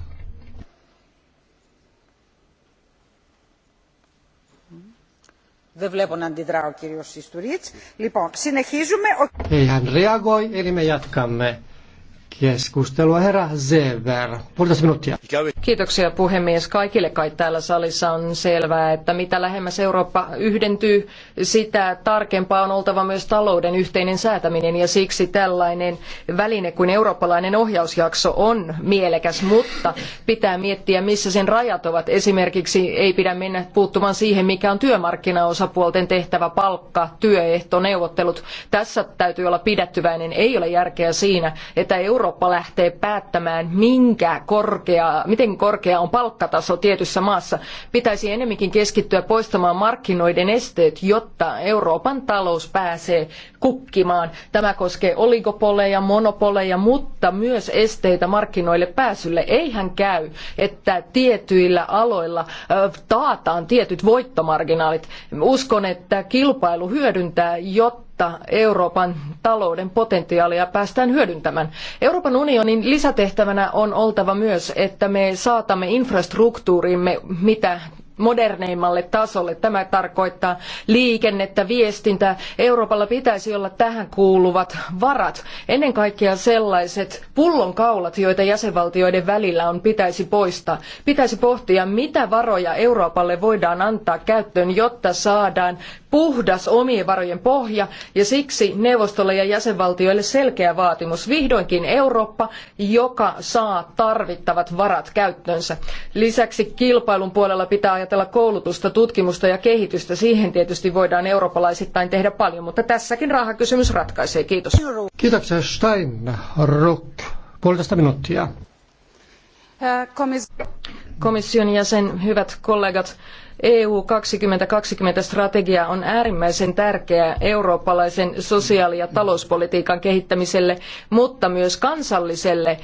Δεν βλέπω να αντιδρά ο κύριος Συστουρίц. Λοιπόν, συνεχίζουμε. Ei hän reagoi, eli me jatkamme keskustelua. Herra Zever, puolitoista minuuttia. Kiitoksia puhemies. Kaikille kai täällä salissa on selvää, että mitä lähemmäs Eurooppa yhdentyy, sitä tarkempaa on oltava myös talouden yhteinen säätäminen ja siksi tällainen väline kuin eurooppalainen ohjausjakso on mielekäs, mutta pitää miettiä, missä sen rajat ovat. Esimerkiksi ei pidä mennä puuttumaan siihen, mikä on työmarkkinaosapuolten tehtävä palkka, työehto, neuvottelut. Tässä täytyy olla pidättyväinen. Ei ole järkeä siinä, että Euro- Eurooppa lähtee päättämään, minkä korkea, miten korkea on palkkataso tietyssä maassa. Pitäisi enemmänkin keskittyä poistamaan markkinoiden esteet, jotta Euroopan talous pääsee kukkimaan. Tämä koskee oligopoleja, monopoleja, mutta myös esteitä markkinoille pääsylle. Eihän käy, että tietyillä aloilla taataan tietyt voittomarginaalit. Uskon, että kilpailu hyödyntää, jotta jotta Euroopan talouden potentiaalia päästään hyödyntämään. Euroopan unionin lisätehtävänä on oltava myös, että me saatamme infrastruktuurimme mitä moderneimmalle tasolle. Tämä tarkoittaa liikennettä, viestintää. Euroopalla pitäisi olla tähän kuuluvat varat. Ennen kaikkea sellaiset pullonkaulat, joita jäsenvaltioiden välillä on, pitäisi poistaa. Pitäisi pohtia, mitä varoja Euroopalle voidaan antaa käyttöön, jotta saadaan puhdas omien varojen pohja ja siksi neuvostolle ja jäsenvaltioille selkeä vaatimus. Vihdoinkin Eurooppa, joka saa tarvittavat varat käyttöönsä. Lisäksi kilpailun puolella pitää ajatella koulutusta, tutkimusta ja kehitystä. Siihen tietysti voidaan eurooppalaisittain tehdä paljon, mutta tässäkin rahakysymys ratkaisee. Kiitos. Kiitoksia Steinruck. Puolitoista minuuttia. Komission jäsen, hyvät kollegat. EU 2020 strategia on äärimmäisen tärkeä eurooppalaisen sosiaali- ja talouspolitiikan kehittämiselle, mutta myös kansalliselle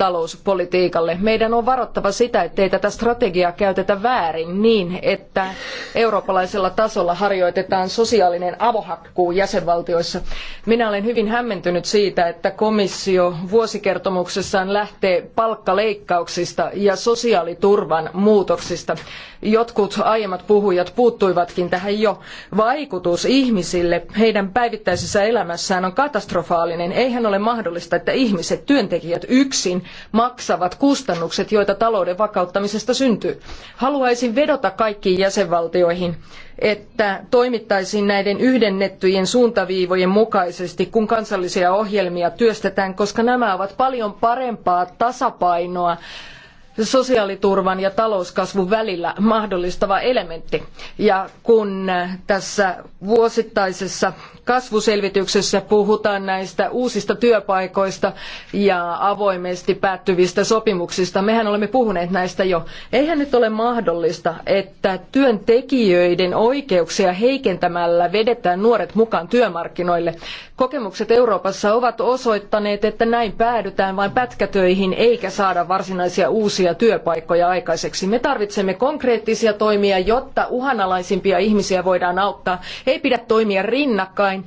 talouspolitiikalle. Meidän on varottava sitä, ettei tätä strategiaa käytetä väärin niin, että eurooppalaisella tasolla harjoitetaan sosiaalinen avohakkuu jäsenvaltioissa. Minä olen hyvin hämmentynyt siitä, että komissio vuosikertomuksessaan lähtee palkkaleikkauksista ja sosiaaliturvan muutoksista. Jotkut aiemmat puhujat puuttuivatkin tähän jo. Vaikutus ihmisille heidän päivittäisessä elämässään on katastrofaalinen. Eihän ole mahdollista, että ihmiset, työntekijät yksin maksavat kustannukset, joita talouden vakauttamisesta syntyy. Haluaisin vedota kaikkiin jäsenvaltioihin, että toimittaisiin näiden yhdennettyjen suuntaviivojen mukaisesti, kun kansallisia ohjelmia työstetään, koska nämä ovat paljon parempaa tasapainoa sosiaaliturvan ja talouskasvun välillä mahdollistava elementti. Ja kun tässä vuosittaisessa kasvuselvityksessä puhutaan näistä uusista työpaikoista ja avoimesti päättyvistä sopimuksista, mehän olemme puhuneet näistä jo. Eihän nyt ole mahdollista, että työntekijöiden oikeuksia heikentämällä vedetään nuoret mukaan työmarkkinoille. Kokemukset Euroopassa ovat osoittaneet, että näin päädytään vain pätkätöihin eikä saada varsinaisia uusia uusia työpaikkoja aikaiseksi. Me tarvitsemme konkreettisia toimia, jotta uhanalaisimpia ihmisiä voidaan auttaa. Ei pidä toimia rinnakkain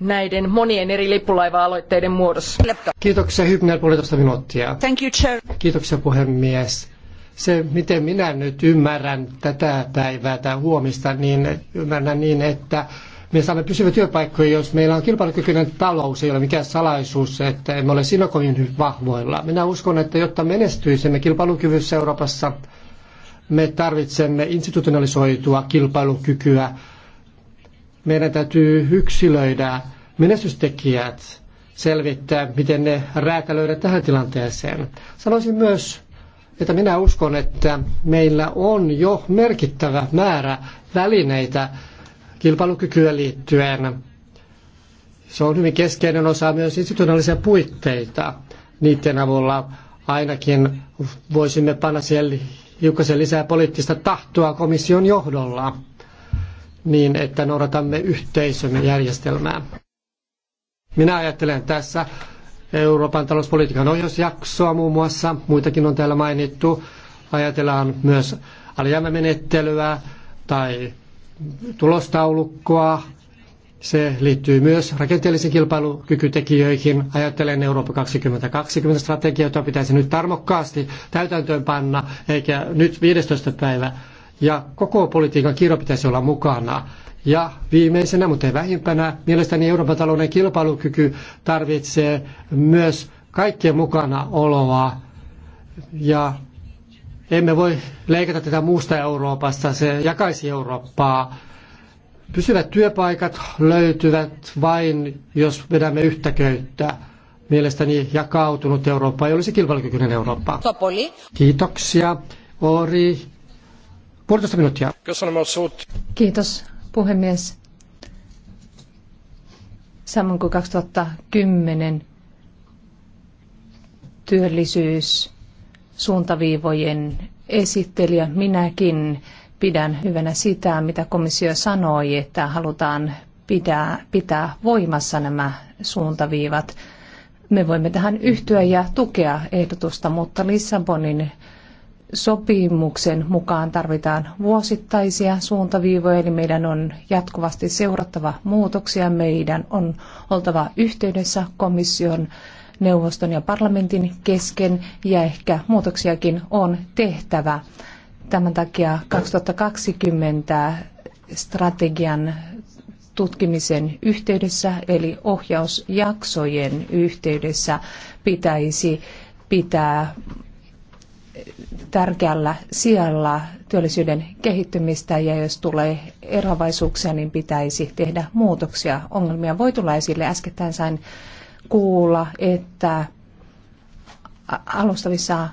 näiden monien eri lippulaiva-aloitteiden muodossa. Kiitoksia Hybner puolitoista minuuttia. Thank you, chair. Kiitoksia puhemies. Se, miten minä nyt ymmärrän tätä päivää tai huomista, niin ymmärrän niin, että me saamme pysyviä työpaikkoja, jos meillä on kilpailukykyinen talous, ei ole mikään salaisuus, että emme ole siinä kovin vahvoilla. Minä uskon, että jotta menestyisimme kilpailukyvyssä Euroopassa, me tarvitsemme institutionalisoitua kilpailukykyä. Meidän täytyy yksilöidä menestystekijät, selvittää, miten ne räätälöidään tähän tilanteeseen. Sanoisin myös, että minä uskon, että meillä on jo merkittävä määrä välineitä, kilpailukykyä liittyen. Se on hyvin keskeinen osa myös institutionaalisia puitteita. Niiden avulla ainakin voisimme panna siellä hiukkasen lisää poliittista tahtoa komission johdolla niin, että noudatamme yhteisömme järjestelmää. Minä ajattelen tässä Euroopan talouspolitiikan ohjausjaksoa muun muassa, muitakin on täällä mainittu. Ajatellaan myös alijäämämenettelyä tai tulostaulukkoa. Se liittyy myös rakenteellisiin kilpailukykytekijöihin. Ajattelen Eurooppa 2020 strategiaa, jota pitäisi nyt tarmokkaasti täytäntöön panna, eikä nyt 15. päivä. Ja koko politiikan kirjo pitäisi olla mukana. Ja viimeisenä, mutta ei vähimpänä, mielestäni Euroopan talouden kilpailukyky tarvitsee myös kaikkien mukana oloa ja emme voi leikata tätä muusta Euroopasta, se jakaisi Eurooppaa. Pysyvät työpaikat löytyvät vain, jos vedämme yhtä köyttä. Mielestäni jakautunut Eurooppa ei olisi kilpailukykyinen Eurooppa. Topoli. Kiitoksia. Ori. Puolitoista minuuttia. Kiitos, puhemies. Samoin kuin 2010 työllisyys suuntaviivojen esittelijä. Minäkin pidän hyvänä sitä, mitä komissio sanoi, että halutaan pitää, pitää voimassa nämä suuntaviivat. Me voimme tähän yhtyä ja tukea ehdotusta, mutta Lissabonin sopimuksen mukaan tarvitaan vuosittaisia suuntaviivoja, eli meidän on jatkuvasti seurattava muutoksia. Meidän on oltava yhteydessä komission neuvoston ja parlamentin kesken ja ehkä muutoksiakin on tehtävä. Tämän takia 2020 strategian tutkimisen yhteydessä eli ohjausjaksojen yhteydessä pitäisi pitää tärkeällä sijalla työllisyyden kehittymistä ja jos tulee eroavaisuuksia, niin pitäisi tehdä muutoksia. Ongelmia voi tulla esille. Äskettäin sain kuulla, että alustavissa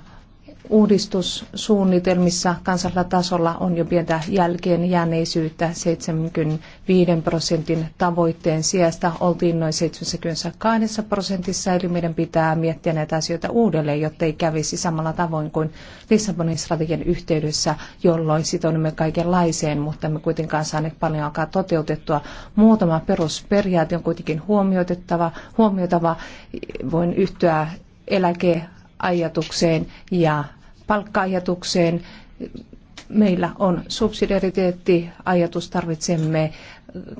uudistussuunnitelmissa kansallisella tasolla on jo pientä jälkeen jääneisyyttä 75 prosentin tavoitteen sijasta oltiin noin 72 prosentissa, eli meidän pitää miettiä näitä asioita uudelleen, jotta ei kävisi samalla tavoin kuin Lissabonin strategian yhteydessä, jolloin sitoudumme kaikenlaiseen, mutta emme kuitenkaan saaneet paljon aikaa toteutettua. Muutama perusperiaate on kuitenkin huomioitettava, huomioitava. Voin yhtyä eläke ajatukseen ja palkka Meillä on subsidiariteettiajatus, tarvitsemme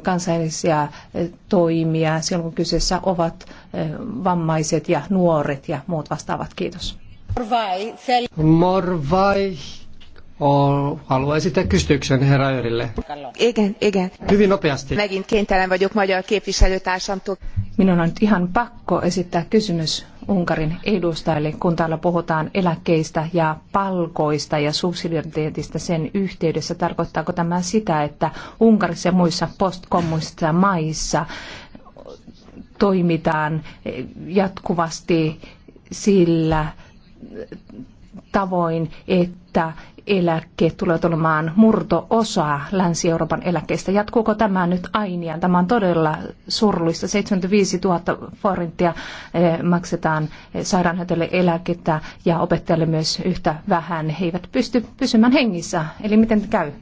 kansainvälisiä toimia silloin, kun kyseessä ovat eh, vammaiset ja nuoret ja muut vastaavat. Kiitos. Morvai haluaa esittää kysymyksen herra Örille. Igen, igen. Hyvin nopeasti. Megint kénytelen vagyok magyar képviselőtársamtól. Minun on nyt ihan pakko esittää kysymys Unkarin edustajille, kun täällä puhutaan eläkkeistä ja palkoista ja subsidiariteetista sen yhteydessä. Tarkoittaako tämä sitä, että Unkarissa ja muissa postkommunistisissa maissa toimitaan jatkuvasti sillä tavoin, että eläkkeet tulevat olemaan murto-osa Länsi-Euroopan eläkkeistä. Jatkuuko tämä nyt ainiaan? Tämä on todella surullista. 75 000 forintia eh, maksetaan eh, sairaanhoitajille eläkettä ja opettajille myös yhtä vähän. He eivät pysty pysymään hengissä. Eli miten käy?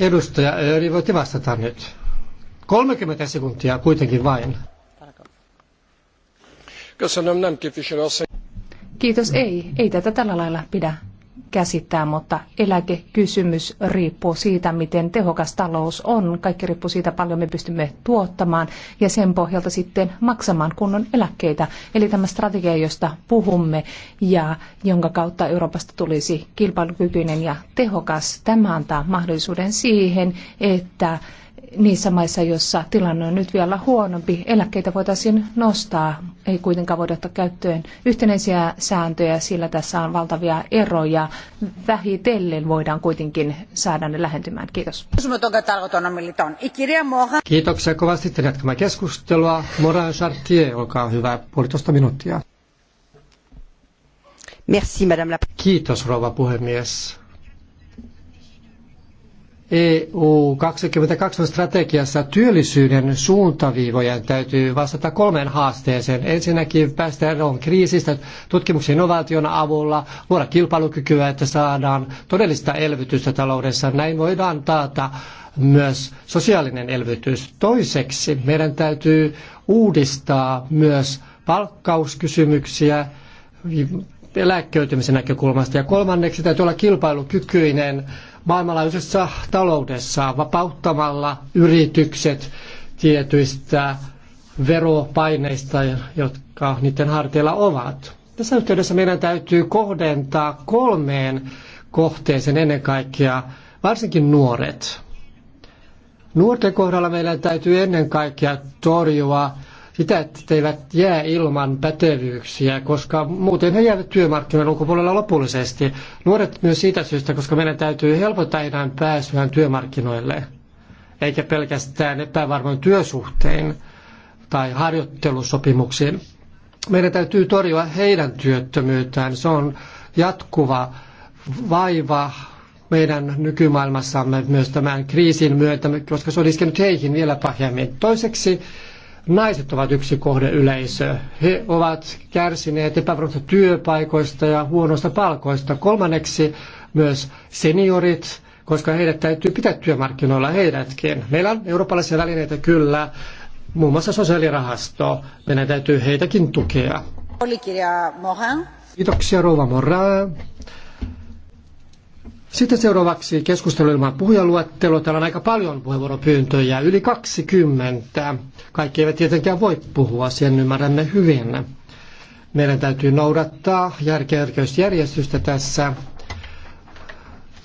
Edustaja Öri, voitte vastata nyt. 30 sekuntia kuitenkin vain. Köszönöm, nem képviselő asszony. Kiitos, ei. Ei tätä tällä lailla pidä käsittää, mutta eläkekysymys riippuu siitä, miten tehokas talous on. Kaikki riippuu siitä, paljon me pystymme tuottamaan ja sen pohjalta sitten maksamaan kunnon eläkkeitä. Eli tämä strategia, josta puhumme ja jonka kautta Euroopasta tulisi kilpailukykyinen ja tehokas, tämä antaa mahdollisuuden siihen, että niissä maissa, joissa tilanne on nyt vielä huonompi, eläkkeitä voitaisiin nostaa. Ei kuitenkaan voida ottaa käyttöön yhtenäisiä sääntöjä, sillä tässä on valtavia eroja. Vähitellen voidaan kuitenkin saada ne lähentymään. Kiitos. Kiitoksia kovasti. että jatkamme keskustelua. Moran Chartier, olkaa hyvä. Puolitoista minuuttia. Merci, madame la... Kiitos, rouva puhemies. EU 22 strategiassa työllisyyden suuntaviivojen täytyy vastata kolmeen haasteeseen. Ensinnäkin päästä eroon kriisistä tutkimuksen innovaation avulla, luoda kilpailukykyä, että saadaan todellista elvytystä taloudessa. Näin voidaan taata myös sosiaalinen elvytys. Toiseksi meidän täytyy uudistaa myös palkkauskysymyksiä, eläköitymisen näkökulmasta. Ja kolmanneksi täytyy olla kilpailukykyinen maailmanlaajuisessa taloudessa vapauttamalla yritykset tietyistä veropaineista, jotka niiden harteilla ovat. Tässä yhteydessä meidän täytyy kohdentaa kolmeen kohteeseen ennen kaikkea, varsinkin nuoret. Nuorten kohdalla meidän täytyy ennen kaikkea torjua sitä, että eivät jää ilman pätevyyksiä, koska muuten he jäävät työmarkkinoiden ulkopuolella lopullisesti. Nuoret myös siitä syystä, koska meidän täytyy helpottaa enää pääsyä työmarkkinoille, eikä pelkästään epävarmoin työsuhteen tai harjoittelusopimuksiin. Meidän täytyy torjua heidän työttömyytään. Se on jatkuva vaiva meidän nykymaailmassamme myös tämän kriisin myötä, koska se on iskenyt heihin vielä pahemmin. Toiseksi Naiset ovat yksi kohdeyleisö. He ovat kärsineet epävarmuista työpaikoista ja huonoista palkoista. Kolmanneksi myös seniorit, koska heidät täytyy pitää työmarkkinoilla heidätkin. Meillä on eurooppalaisia välineitä kyllä, muun muassa sosiaalirahasto. Meidän täytyy heitäkin tukea. Kiitoksia Rouva Moraa. Sitten seuraavaksi keskustelu ilman puhujaluettelo. Täällä on aika paljon puheenvuoropyyntöjä, yli 20. Kaikki eivät tietenkään voi puhua, sen ymmärrämme hyvin. Meidän täytyy noudattaa järkeärkeysjärjestystä tässä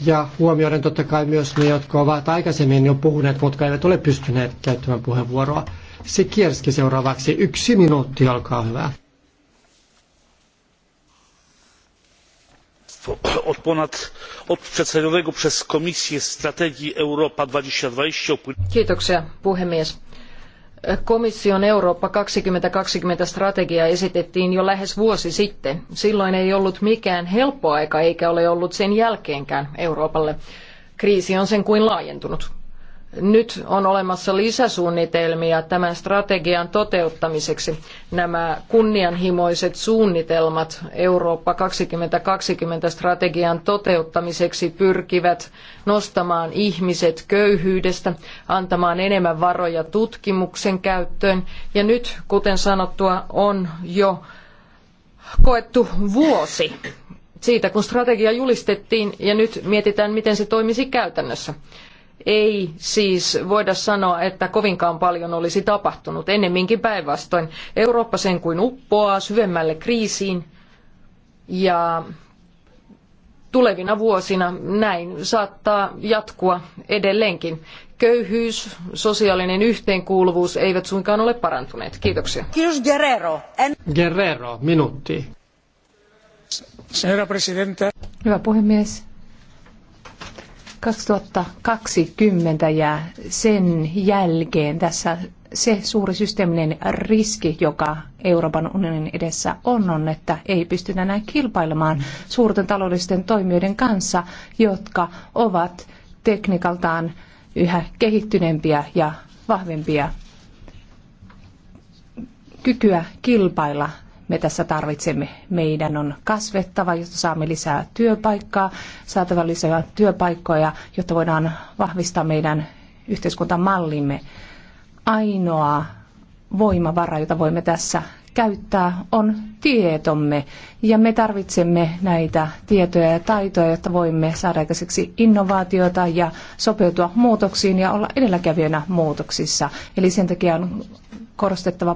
ja huomioiden totta kai myös ne, jotka ovat aikaisemmin jo puhuneet, mutta eivät ole pystyneet käyttämään puheenvuoroa. Sikierski seuraavaksi. Yksi minuutti, olkaa hyvä. [COUGHS] od przedstawionego przez komisję strategii Europa dwa tysiące dwadzieścia puhemies komission eurooppa 2020 strategia esitettiin jo lähes vuosi sitten. silloin ei ollut mikään helppo aika eikä ole ollut sen jälkeenkään euroopalle. kriisi on sen kuin laajentunut nyt on olemassa lisäsuunnitelmia tämän strategian toteuttamiseksi. Nämä kunnianhimoiset suunnitelmat Eurooppa 2020 strategian toteuttamiseksi pyrkivät nostamaan ihmiset köyhyydestä, antamaan enemmän varoja tutkimuksen käyttöön ja nyt, kuten sanottua, on jo koettu vuosi siitä, kun strategia julistettiin ja nyt mietitään, miten se toimisi käytännössä. Ei siis voida sanoa, että kovinkaan paljon olisi tapahtunut. Ennemminkin päinvastoin. Eurooppa sen kuin uppoaa syvemmälle kriisiin ja tulevina vuosina näin saattaa jatkua edelleenkin. Köyhyys, sosiaalinen yhteenkuuluvuus eivät suinkaan ole parantuneet. Kiitoksia. Kiitos Guerrero. En... Guerrero, minuutti. Señora Hyvä puhemies. 2020 ja sen jälkeen tässä se suuri systeeminen riski, joka Euroopan unionin edessä on, on, että ei pystytä enää kilpailemaan suurten taloudellisten toimijoiden kanssa, jotka ovat tekniikaltaan yhä kehittyneempiä ja vahvempia kykyä kilpailla me tässä tarvitsemme. Meidän on kasvettava, jotta saamme lisää työpaikkaa, saatava lisää työpaikkoja, jotta voidaan vahvistaa meidän yhteiskuntamallimme. Ainoa voimavara, jota voimme tässä käyttää, on tietomme. Ja me tarvitsemme näitä tietoja ja taitoja, jotta voimme saada aikaiseksi innovaatiota ja sopeutua muutoksiin ja olla edelläkävijänä muutoksissa. Eli sen takia on korostettava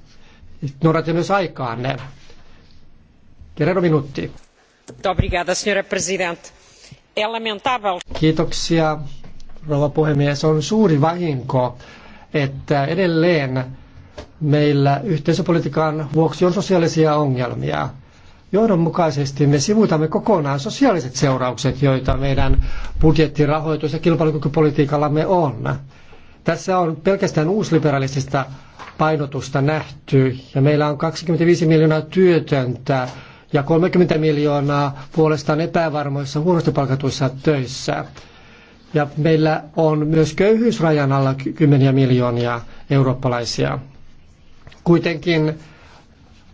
noudatatte myös aikaanne. Kerro minuutti. Obrigada, Kiitoksia, rouva puhemies. On suuri vahinko, että edelleen meillä yhteisöpolitiikan vuoksi on sosiaalisia ongelmia. Johdonmukaisesti me sivuutamme kokonaan sosiaaliset seuraukset, joita meidän budjettirahoitus- ja kilpailukykypolitiikallamme on. Tässä on pelkästään uusliberalistista painotusta nähty ja meillä on 25 miljoonaa työtöntä ja 30 miljoonaa puolestaan epävarmoissa huonosti palkatuissa töissä. Ja meillä on myös köyhyysrajan alla kymmeniä miljoonia eurooppalaisia. Kuitenkin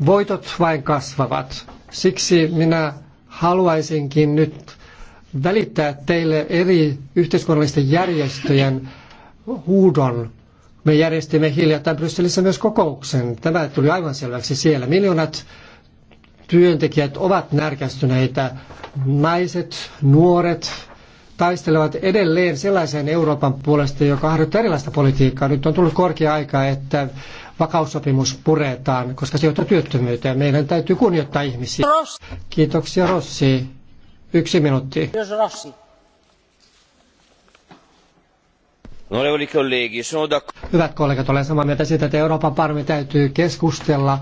voitot vain kasvavat. Siksi minä haluaisinkin nyt välittää teille eri yhteiskunnallisten järjestöjen huudon. Me järjestimme hiljattain Brysselissä myös kokouksen. Tämä tuli aivan selväksi siellä. Miljoonat työntekijät ovat närkästyneitä. Naiset, nuoret taistelevat edelleen sellaisen Euroopan puolesta, joka harjoittaa erilaista politiikkaa. Nyt on tullut korkea aika, että vakaussopimus puretaan, koska se johtaa työttömyyteen. Meidän täytyy kunnioittaa ihmisiä. Kiitoksia Rossi. Yksi minuutti. Rossi. Hyvät kollegat, olen samaa mieltä siitä, että Euroopan parmi täytyy keskustella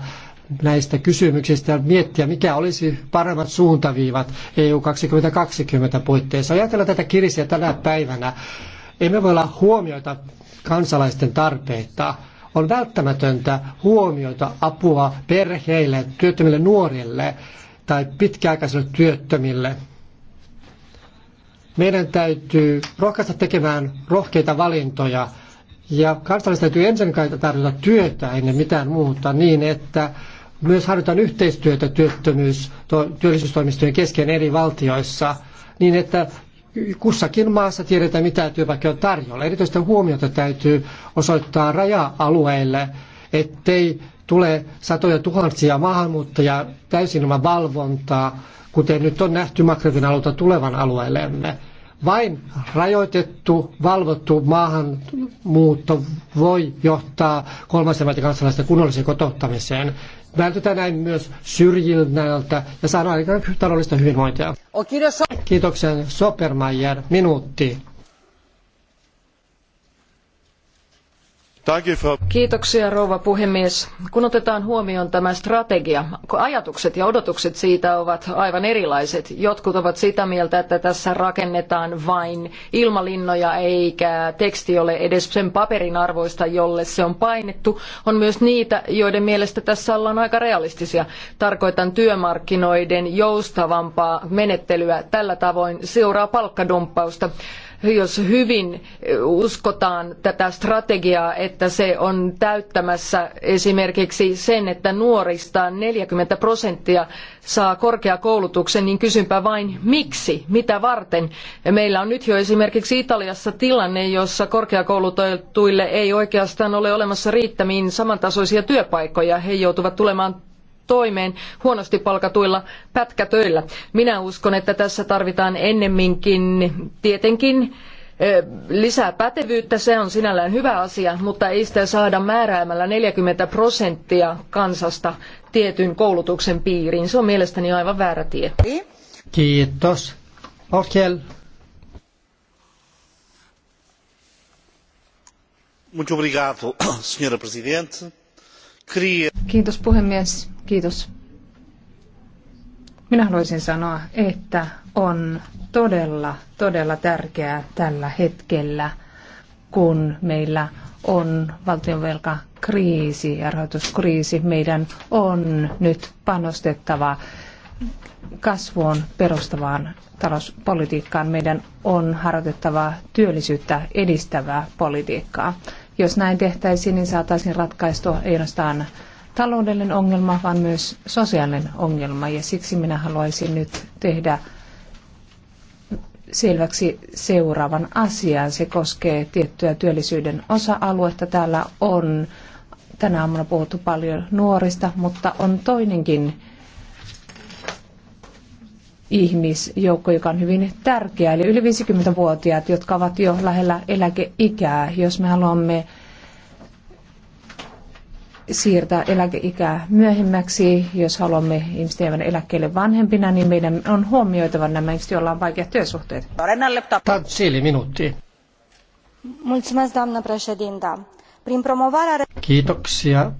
näistä kysymyksistä ja miettiä, mikä olisi paremmat suuntaviivat EU 2020 puitteissa. Ajatellaan tätä kirisiä tänä päivänä. Emme voi olla huomioita kansalaisten tarpeita. On välttämätöntä huomioita apua perheille, työttömille nuorille tai pitkäaikaisille työttömille. Meidän täytyy rohkaista tekemään rohkeita valintoja ja kansalaiset täytyy ensin kai tarjota työtä ennen mitään muuta niin, että myös harjoitetaan yhteistyötä työttömyys, to, työllisyystoimistojen kesken eri valtioissa niin, että kussakin maassa tiedetään, mitä työpaikkoja on tarjolla. Erityistä huomiota täytyy osoittaa raja-alueille, ettei tule satoja tuhansia maahanmuuttajia täysin ilman valvontaa kuten nyt on nähty Makrebin alueelta tulevan alueellemme. Vain rajoitettu, valvottu maahanmuutto voi johtaa kolmansien maiden kansalaisten kunnolliseen kotouttamiseen. Vältetään näin myös syrjinnältä ja saadaan aikaan taloudellista hyvinvointia. Kiitoksia Sopermajer, minuutti. Kiitoksia rouva puhemies. Kun otetaan huomioon tämä strategia, ajatukset ja odotukset siitä ovat aivan erilaiset. Jotkut ovat sitä mieltä, että tässä rakennetaan vain ilmalinnoja eikä teksti ole edes sen paperin arvoista, jolle se on painettu. On myös niitä, joiden mielestä tässä ollaan aika realistisia. Tarkoitan työmarkkinoiden joustavampaa menettelyä. Tällä tavoin seuraa palkkadumppausta jos hyvin uskotaan tätä strategiaa, että se on täyttämässä esimerkiksi sen, että nuorista 40 prosenttia saa korkeakoulutuksen, niin kysynpä vain miksi, mitä varten. Meillä on nyt jo esimerkiksi Italiassa tilanne, jossa korkeakoulutetuille ei oikeastaan ole olemassa riittämiin samantasoisia työpaikkoja. He joutuvat tulemaan toimeen huonosti palkatuilla pätkätöillä. Minä uskon, että tässä tarvitaan ennemminkin tietenkin lisää pätevyyttä, se on sinällään hyvä asia, mutta ei sitä saada määräämällä 40 prosenttia kansasta tietyn koulutuksen piiriin. Se on mielestäni aivan väärä tie. Kiitos. Okei. Kiitos puhemies. Kiitos. Minä haluaisin sanoa, että on todella, todella tärkeää tällä hetkellä, kun meillä on kriisi ja rahoituskriisi. Meidän on nyt panostettava kasvuun perustavaan talouspolitiikkaan. Meidän on harjoitettava työllisyyttä edistävää politiikkaa. Jos näin tehtäisiin, niin saataisiin ratkaistua ainoastaan taloudellinen ongelma, vaan myös sosiaalinen ongelma. Ja siksi minä haluaisin nyt tehdä selväksi seuraavan asian. Se koskee tiettyä työllisyyden osa-aluetta. Täällä on tänä aamuna puhuttu paljon nuorista, mutta on toinenkin ihmisjoukko, joka on hyvin tärkeä, eli yli 50-vuotiaat, jotka ovat jo lähellä eläkeikää. Jos me haluamme siirtää eläkeikää myöhemmäksi. Jos haluamme ihmisten jäävän eläkkeelle vanhempina, niin meidän on huomioitava nämä ihmiset, joilla on vaikeat työsuhteet. Tatsili, minuutti. Mulțumesc, doamnă președinta. Kiitoksia,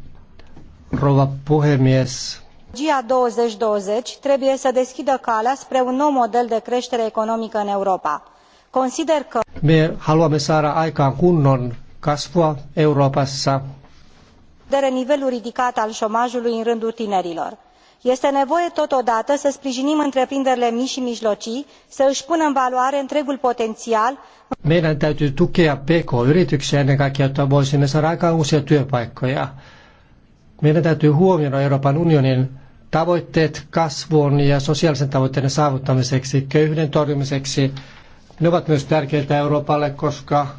rouva puhemies. Strategia 2020 trebuie să deschidă calea spre un nou model de creștere economică în Europa. Consider că... Me haluamme saada aikaan kunnon kasvua Euroopassa consideră nivelul ridicat al omajului în rândul tinerilor. este nevoie totodată să sprijinim întreprinderile mici i mijlocii să îi pună în valoare întregul potenial meidän täytyy tukea pk yrityksiä ennen kaikkea jotta voisimme saada aikaan uusia työpaikkoja. Meidän täytyy huomioida Euroopan unionin tavoitteet kasvun ja sosiaalisen tavoitteiden saavuttamiseksi, köyhyyden torjumiseksi. Ne ovat myös tärkeitä Euroopalle, koska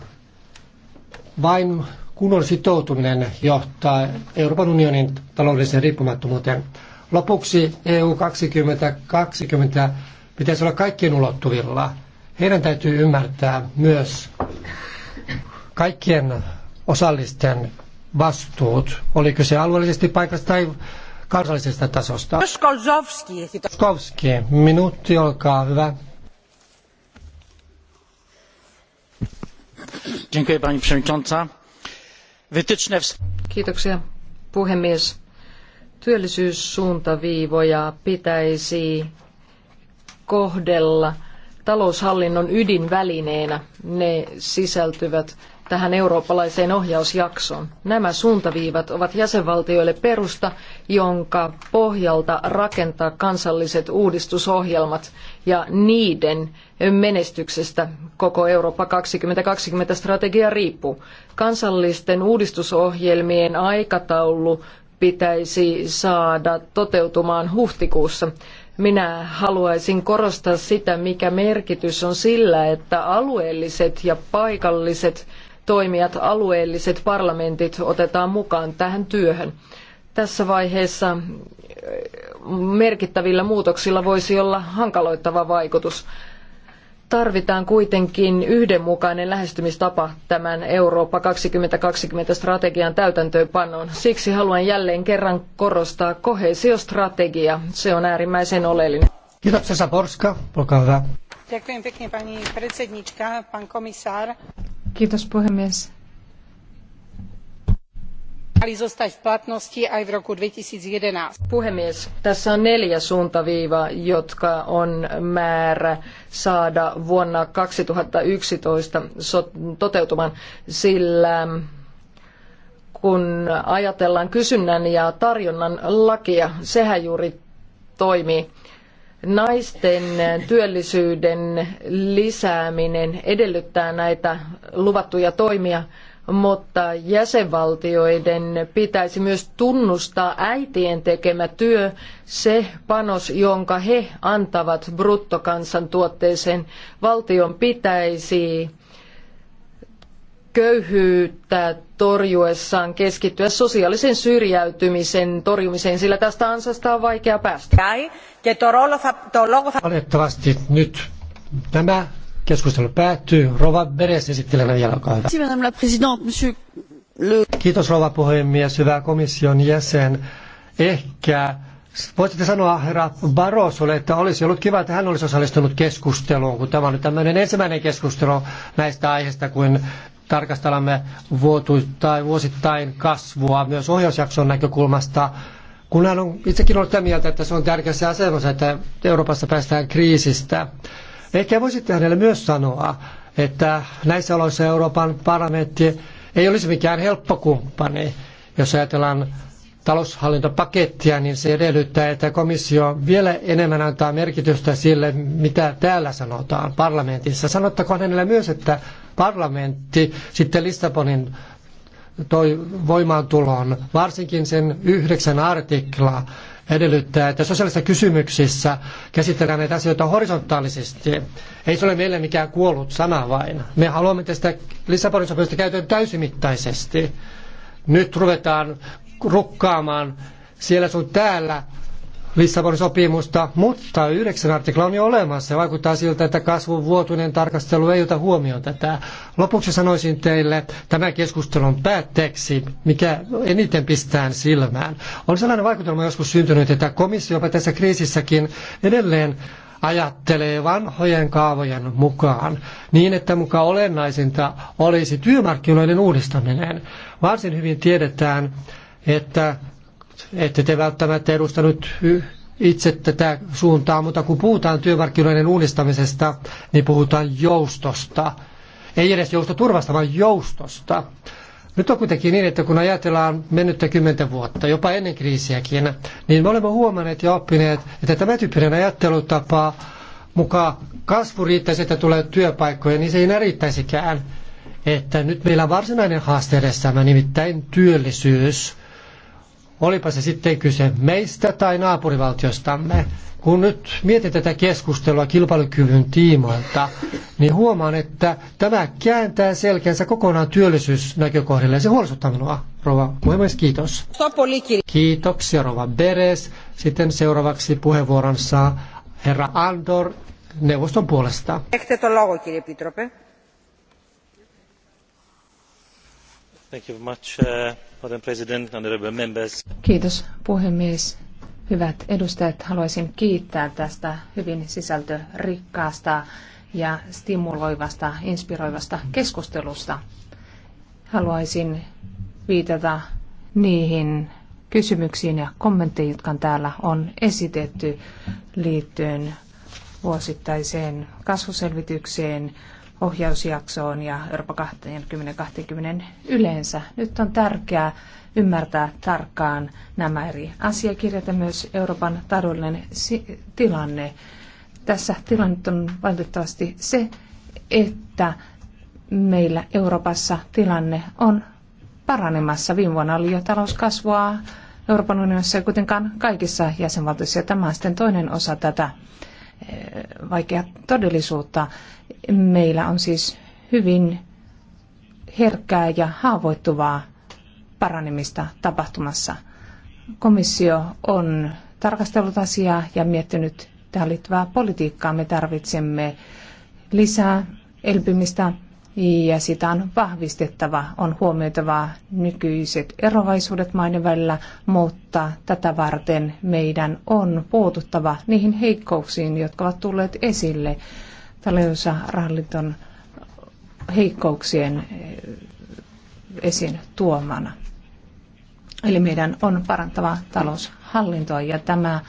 vain kunnon sitoutuminen johtaa Euroopan unionin taloudelliseen riippumattomuuteen. Lopuksi EU 2020 pitäisi olla kaikkien ulottuvilla. Heidän täytyy ymmärtää myös kaikkien osallisten vastuut, oli kyse alueellisesti paikasta tai kansallisesta tasosta. Skolzowski. minuutti, olkaa hyvä. Dziękuję pani przewodnicząca wytyczne... Kiitoksia puhemies. Työllisyyssuuntaviivoja pitäisi kohdella taloushallinnon ydinvälineenä. Ne sisältyvät tähän eurooppalaiseen ohjausjaksoon. Nämä suuntaviivat ovat jäsenvaltioille perusta, jonka pohjalta rakentaa kansalliset uudistusohjelmat ja niiden menestyksestä koko Eurooppa 2020 strategia riippuu. Kansallisten uudistusohjelmien aikataulu pitäisi saada toteutumaan huhtikuussa. Minä haluaisin korostaa sitä, mikä merkitys on sillä, että alueelliset ja paikalliset toimijat, alueelliset parlamentit otetaan mukaan tähän työhön. Tässä vaiheessa eh, merkittävillä muutoksilla voisi olla hankaloittava vaikutus. Tarvitaan kuitenkin yhdenmukainen lähestymistapa tämän Eurooppa 2020 strategian täytäntöönpanoon. Siksi haluan jälleen kerran korostaa koheesiostrategia. Se on äärimmäisen oleellinen. Kiitoksia Saborska, olkaa hyvä. pani predsednička, pán Kiitos puhemies. Puhemies, tässä on neljä suuntaviivaa, jotka on määrä saada vuonna 2011 toteutumaan, sillä kun ajatellaan kysynnän ja tarjonnan lakia, sehän juuri toimii naisten työllisyyden lisääminen edellyttää näitä luvattuja toimia, mutta jäsenvaltioiden pitäisi myös tunnustaa äitien tekemä työ, se panos, jonka he antavat bruttokansantuotteeseen. Valtion pitäisi köyhyyttä torjuessaan keskittyä sosiaalisen syrjäytymisen torjumiseen, sillä tästä ansasta on vaikea päästä. Valitettavasti nyt tämä keskustelu päättyy. Rova Beres esittelee vielä, olkaa hyvä. Kiitos rouva puhemies, hyvä komission jäsen. Ehkä voisitte sanoa herra Barrosolle, että olisi ollut kiva, että hän olisi osallistunut keskusteluun, kun tämä on nyt tämmöinen ensimmäinen keskustelu näistä aiheista, kun tarkastelemme vuosittain kasvua myös ohjausjakson näkökulmasta. Kun hän on itsekin ollut sitä mieltä, että se on tärkeässä asemassa, että Euroopassa päästään kriisistä. Ehkä voisitte hänelle myös sanoa, että näissä oloissa Euroopan parlamentti ei olisi mikään helppo kumppani. Jos ajatellaan taloushallintopakettia, niin se edellyttää, että komissio vielä enemmän antaa merkitystä sille, mitä täällä sanotaan parlamentissa. Sanottakoon hänelle myös, että parlamentti sitten Lissabonin toi voimaantuloon, varsinkin sen yhdeksän artikla edellyttää, että sosiaalisissa kysymyksissä käsitellään näitä asioita horisontaalisesti. Ei se ole meille mikään kuollut sana vain. Me haluamme tästä Lissabonin sopimusta käytön täysimittaisesti. Nyt ruvetaan rukkaamaan siellä sun täällä Lissabonin sopimusta, mutta yhdeksän artikla on jo olemassa ja vaikuttaa siltä, että kasvun vuotuinen tarkastelu ei ota huomioon tätä. Lopuksi sanoisin teille tämän keskustelun päätteeksi, mikä eniten pistää silmään. On sellainen vaikutelma joskus syntynyt, että komissiopa tässä kriisissäkin edelleen ajattelee vanhojen kaavojen mukaan, niin että mukaan olennaisinta olisi työmarkkinoiden uudistaminen. Varsin hyvin tiedetään, että ette te välttämättä edusta nyt itse tätä suuntaa, mutta kun puhutaan työmarkkinoiden uudistamisesta, niin puhutaan joustosta. Ei edes joustoturvasta, vaan joustosta. Nyt on kuitenkin niin, että kun ajatellaan mennyttä kymmentä vuotta, jopa ennen kriisiäkin, niin me olemme huomanneet ja oppineet, että tämä tyyppinen ajattelutapa mukaan kasvu riittäisi, että tulee työpaikkoja, niin se ei enää riittäisikään. Että nyt meillä on varsinainen haaste edessämme, nimittäin työllisyys – Olipa se sitten kyse meistä tai naapurivaltiostamme. Kun nyt mietin tätä keskustelua kilpailukyvyn tiimoilta, niin huomaan, että tämä kääntää selkeänsä kokonaan työllisyysnäkökohdille. se huolestuttaa minua, rouva puhemies. Kiitos. Kiitoksia, rouva Beres. Sitten seuraavaksi puheenvuoron saa herra Andor neuvoston puolesta. Ehkä το Uh, Kiitos puhemies. Hyvät edustajat, haluaisin kiittää tästä hyvin sisältörikkaasta ja stimuloivasta, inspiroivasta keskustelusta. Haluaisin viitata niihin kysymyksiin ja kommentteihin, jotka täällä on esitetty liittyen vuosittaiseen kasvuselvitykseen, ohjausjaksoon ja Euroopan 2020 yleensä. Nyt on tärkeää ymmärtää tarkkaan nämä eri asiakirjat ja myös Euroopan taloudellinen tilanne. Tässä tilanne on valitettavasti se, että meillä Euroopassa tilanne on paranemassa. Viime vuonna oli jo talouskasvua Euroopan unionissa ja kuitenkaan kaikissa jäsenvaltioissa. Tämä on sitten toinen osa tätä Eh, vaikeaa todellisuutta. Meillä on siis hyvin herkkää ja haavoittuvaa paranemista tapahtumassa. Komissio on tarkastellut asiaa ja miettinyt tähän liittyvää politiikkaa. Me tarvitsemme lisää elpymistä ja sitä on vahvistettava, on huomioitava nykyiset erovaisuudet maiden välillä, mutta tätä varten meidän on puututtava niihin heikkouksiin, jotka ovat tulleet esille Taleusa Ralliton heikkouksien eh, esiin tuomana. Eli meidän on parantava taloushallintoa ja tämä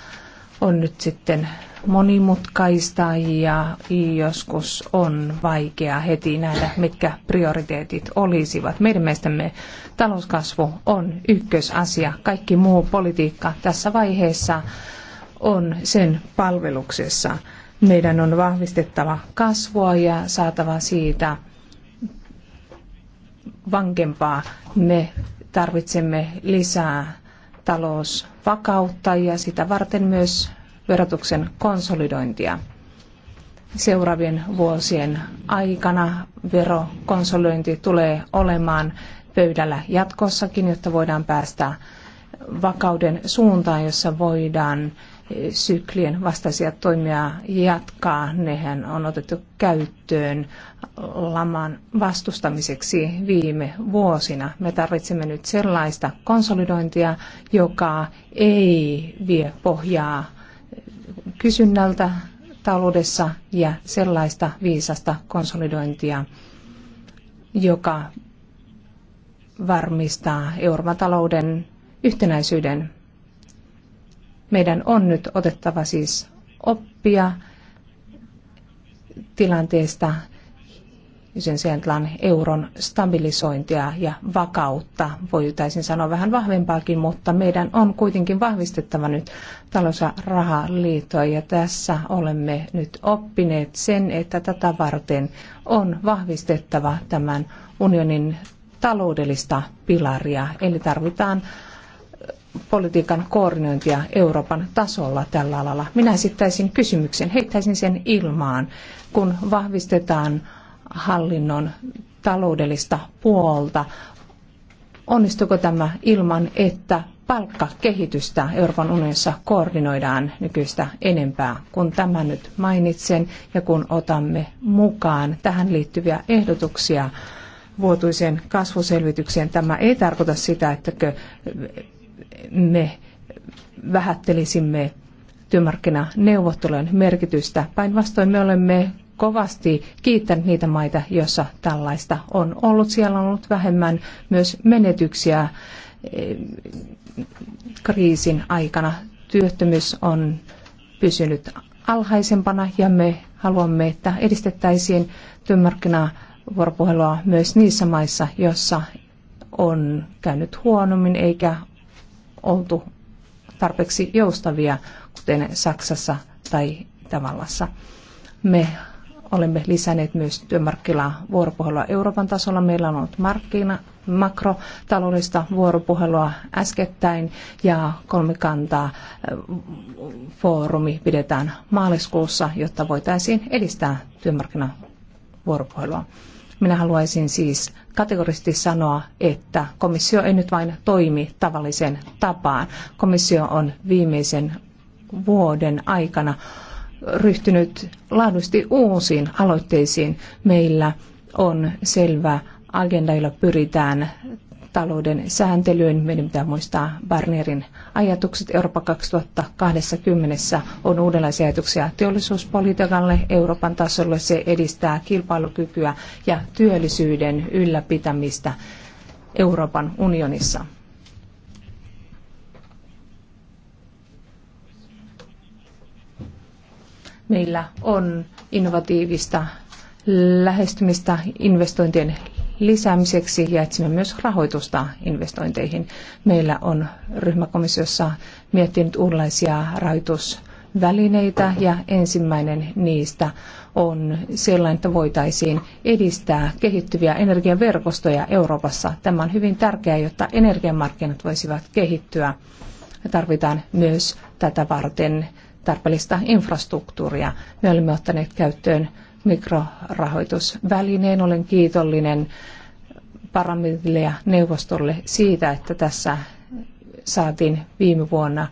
on nyt sitten monimutkaista ja joskus on vaikea heti nähdä, mitkä prioriteetit olisivat. Meidän mielestämme talouskasvu on ykkösasia. Kaikki muu politiikka tässä vaiheessa on sen palveluksessa. Meidän on vahvistettava kasvua ja saatava siitä vankempaa. Me tarvitsemme lisää talousvakautta ja sitä varten myös verotuksen konsolidointia. Seuraavien vuosien aikana verokonsolidointi tulee olemaan pöydällä jatkossakin, jotta voidaan päästä vakauden suuntaan, jossa voidaan syklien vastaisia toimia jatkaa. Nehän on otettu käyttöön laman vastustamiseksi viime vuosina. Me tarvitsemme nyt sellaista konsolidointia, joka ei vie pohjaa kysynnältä taloudessa ja sellaista viisasta konsolidointia, joka varmistaa Euroopan talouden yhtenäisyyden. Meidän on nyt otettava siis oppia tilanteesta, sen sijaan on euron stabilisointia ja vakautta, voitaisiin sanoa vähän vahvempaakin, mutta meidän on kuitenkin vahvistettava nyt talous- ja rahaliittoa ja tässä olemme nyt oppineet sen, että tätä varten on vahvistettava tämän unionin taloudellista pilaria, eli tarvitaan politiikan koordinointia Euroopan tasolla tällä alalla. Minä esittäisin kysymyksen, heittäisin sen ilmaan, kun vahvistetaan hallinnon taloudellista puolta. Onnistuuko tämä ilman, että palkkakehitystä Euroopan unionissa koordinoidaan nykyistä enempää, kun tämä nyt mainitsen ja kun otamme mukaan tähän liittyviä ehdotuksia vuotuiseen kasvuselvitykseen. Tämä ei tarkoita sitä, että me vähättelisimme työmarkkinaneuvottelujen merkitystä. Päinvastoin me olemme kovasti kiittänyt niitä maita, joissa tällaista on ollut. Siellä on ollut vähemmän myös menetyksiä eh, kriisin aikana. Työttömyys on pysynyt alhaisempana ja me haluamme, että edistettäisiin työmarkkinavuoropuhelua myös niissä maissa, joissa on käynyt huonommin eikä oltu tarpeeksi joustavia, kuten Saksassa tai Itävallassa. Me olemme lisänneet myös työmarkkinavuoropuhelua Euroopan tasolla. Meillä on ollut markkina, makrotaloudellista vuoropuhelua äskettäin ja kolmikantaa foorumi pidetään maaliskuussa, jotta voitaisiin edistää työmarkkinavuoropuhelua. Minä haluaisin siis kategorisesti sanoa, että komissio ei nyt vain toimi tavalliseen tapaan. Komissio on viimeisen vuoden aikana ryhtynyt laadullisesti uusiin aloitteisiin. Meillä on selvä agenda, jolla pyritään talouden sääntelyyn. Meidän pitää muistaa Barnierin ajatukset Eurooppa 2020 on uudenlaisia ajatuksia teollisuuspolitiikalle Euroopan tasolle. Se edistää kilpailukykyä ja työllisyyden ylläpitämistä Euroopan unionissa. meillä on innovatiivista lähestymistä investointien lisäämiseksi ja etsimme myös rahoitusta investointeihin. Meillä on ryhmäkomissiossa miettinyt uudenlaisia rahoitusvälineitä ja ensimmäinen niistä on sellainen, että voitaisiin edistää kehittyviä energiaverkostoja Euroopassa. Tämä on hyvin tärkeää, jotta energiamarkkinat voisivat kehittyä. Me tarvitaan myös tätä varten tarpeellista infrastruktuuria. Me olemme ottaneet käyttöön mikrorahoitusvälineen. Olen kiitollinen parlamentille ja neuvostolle siitä, että tässä saatiin viime vuonna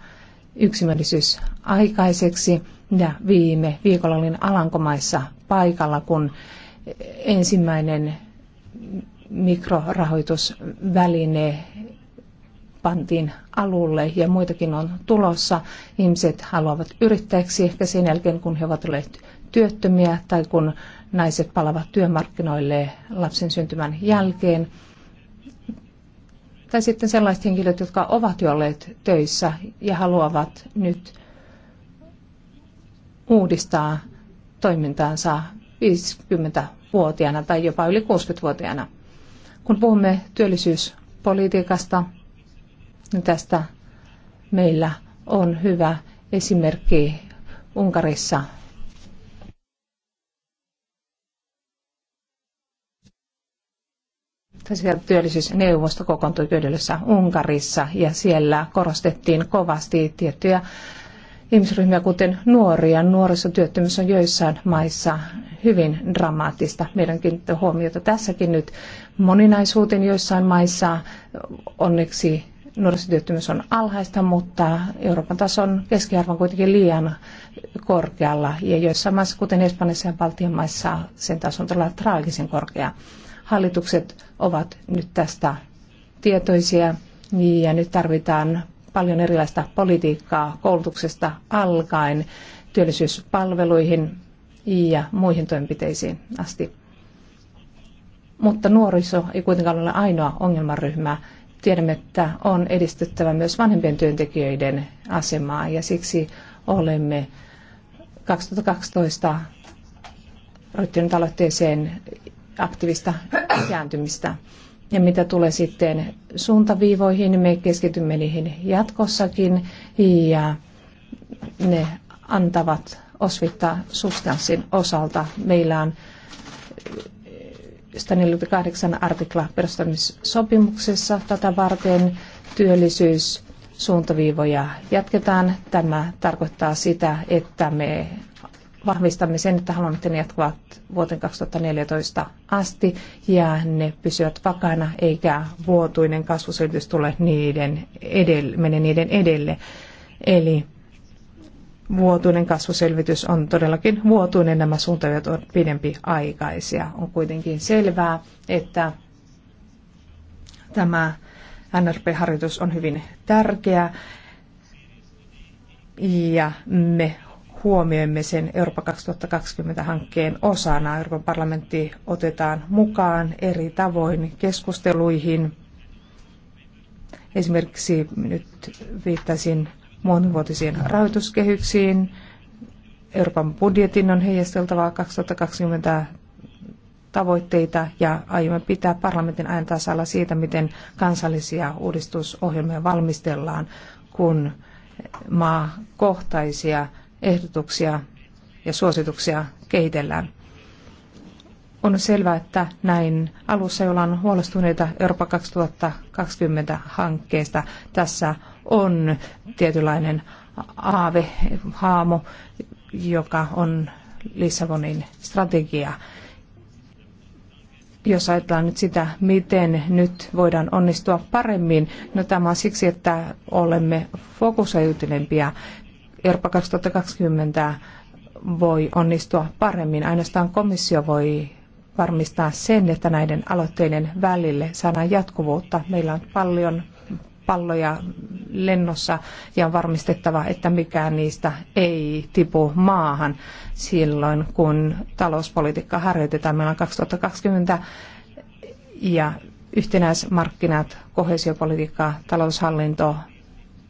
yksimielisyys aikaiseksi. Ja viime viikolla olin Alankomaissa paikalla, kun ensimmäinen mikrorahoitusväline pantiin alulle ja muitakin on tulossa. Ihmiset haluavat yrittäjäksi ehkä sen jälkeen, kun he ovat olleet työttömiä tai kun naiset palavat työmarkkinoille lapsen syntymän jälkeen. Tai sitten sellaiset henkilöt, jotka ovat jo olleet töissä ja haluavat nyt uudistaa toimintaansa 50-vuotiaana tai jopa yli 60-vuotiaana. Kun puhumme työllisyyspolitiikasta, niin tästä meillä on hyvä esimerkki Unkarissa. Tässä työllisyysneuvosto kokoontui pöydällessä Unkarissa ja siellä korostettiin kovasti tiettyjä ihmisryhmiä, kuten nuoria. Nuorisotyöttömyys on joissain maissa hyvin dramaattista. Meidän kiinnittää huomiota tässäkin nyt moninaisuuteen joissain maissa. Onneksi nuorisotyöttömyys on alhaista, mutta Euroopan tason keskiarvo on kuitenkin liian korkealla. Ja joissain maissa, kuten Espanjassa ja Baltian maissa, sen taso on todella traagisen korkea. Hallitukset ovat nyt tästä tietoisia ja nyt tarvitaan paljon erilaista politiikkaa koulutuksesta alkaen työllisyyspalveluihin ja muihin toimenpiteisiin asti. Mutta nuoriso ei kuitenkaan ole ainoa ongelmaryhmä Tiedämme, että on edistettävä myös vanhempien työntekijöiden asemaa ja siksi olemme 2012 ryhtynyt aloitteeseen aktiivista kääntymistä. Ja mitä tulee sitten suuntaviivoihin, me keskitymme niihin jatkossakin ja ne antavat osvittaa substanssin osalta. Meillä on 148 artikla perustamissopimuksessa tätä varten työllisyyssuuntaviivoja jatketaan. Tämä tarkoittaa sitä, että me vahvistamme sen, että haluamme, että ne jatkuvat vuoteen 2014 asti ja ne pysyvät vakaina eikä vuotuinen kasvuselitys tule niiden edelle, mene niiden edelle. Eli vuotuinen kasvuselvitys on todellakin vuotuinen, nämä suuntaviot on pidempi aikaisia. On kuitenkin selvää, että tämä NRP-harjoitus on hyvin tärkeä ja me huomioimme sen Eurooppa 2020-hankkeen osana. Euroopan parlamentti otetaan mukaan eri tavoin keskusteluihin. Esimerkiksi nyt viittasin monivuotisiin rahoituskehyksiin. Euroopan budjetin on heijasteltava 2020 tavoitteita ja aiomme pitää parlamentin ajan tasalla siitä, miten kansallisia uudistusohjelmia valmistellaan, kun maakohtaisia ehdotuksia ja suosituksia kehitellään. On selvää, että näin alussa, jolla on huolestuneita Eurooppa 2020 hankkeesta, tässä on tietynlainen aave, haamo joka on Lissabonin strategia. Jos ajatellaan nyt sitä, miten nyt voidaan onnistua paremmin, no tämä on siksi, että olemme fokusoituneempia. Eurooppa 2020 voi onnistua paremmin. Ainoastaan komissio voi varmistaa sen, että näiden aloitteiden välille saadaan jatkuvuutta. Meillä on paljon palloja lennossa ja on varmistettava, että mikään niistä ei tipu maahan silloin, kun talouspolitiikkaa harjoitetaan. Meillä on 2020 ja yhtenäismarkkinat, kohesiopolitiikka, taloushallinto,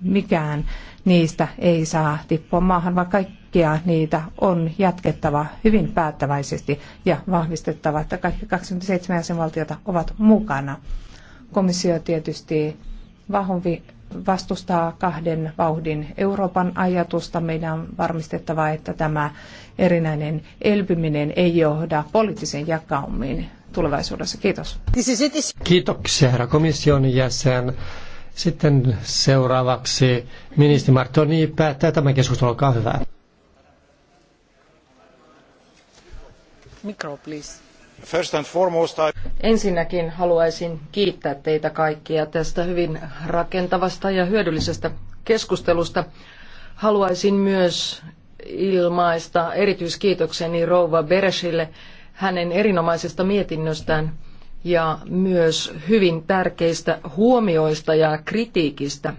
mikään niistä ei saa tippua maahan, vaan kaikkia niitä on jatkettava hyvin päättäväisesti ja vahvistettava, että kaikki 27 jäsenvaltiota ovat mukana. Komissio tietysti Vahumvi vastustaa kahden vauhdin Euroopan ajatusta. Meidän on varmistettava, että tämä erinäinen elpyminen ei johda poliittisen jakaumiin tulevaisuudessa. Kiitos. Kiitoksia, herra komission jäsen. Sitten seuraavaksi ministeri Martoni päättää tämän keskustelun. Olkaa hyvä. Mikro, please. Ensinnäkin haluaisin kiittää teitä kaikkia tästä hyvin rakentavasta ja hyödyllisestä keskustelusta. Haluaisin myös ilmaista erityiskiitokseni rouva Beresille hänen erinomaisesta mietinnöstään ja myös hyvin tärkeistä huomioista ja kritiikistä,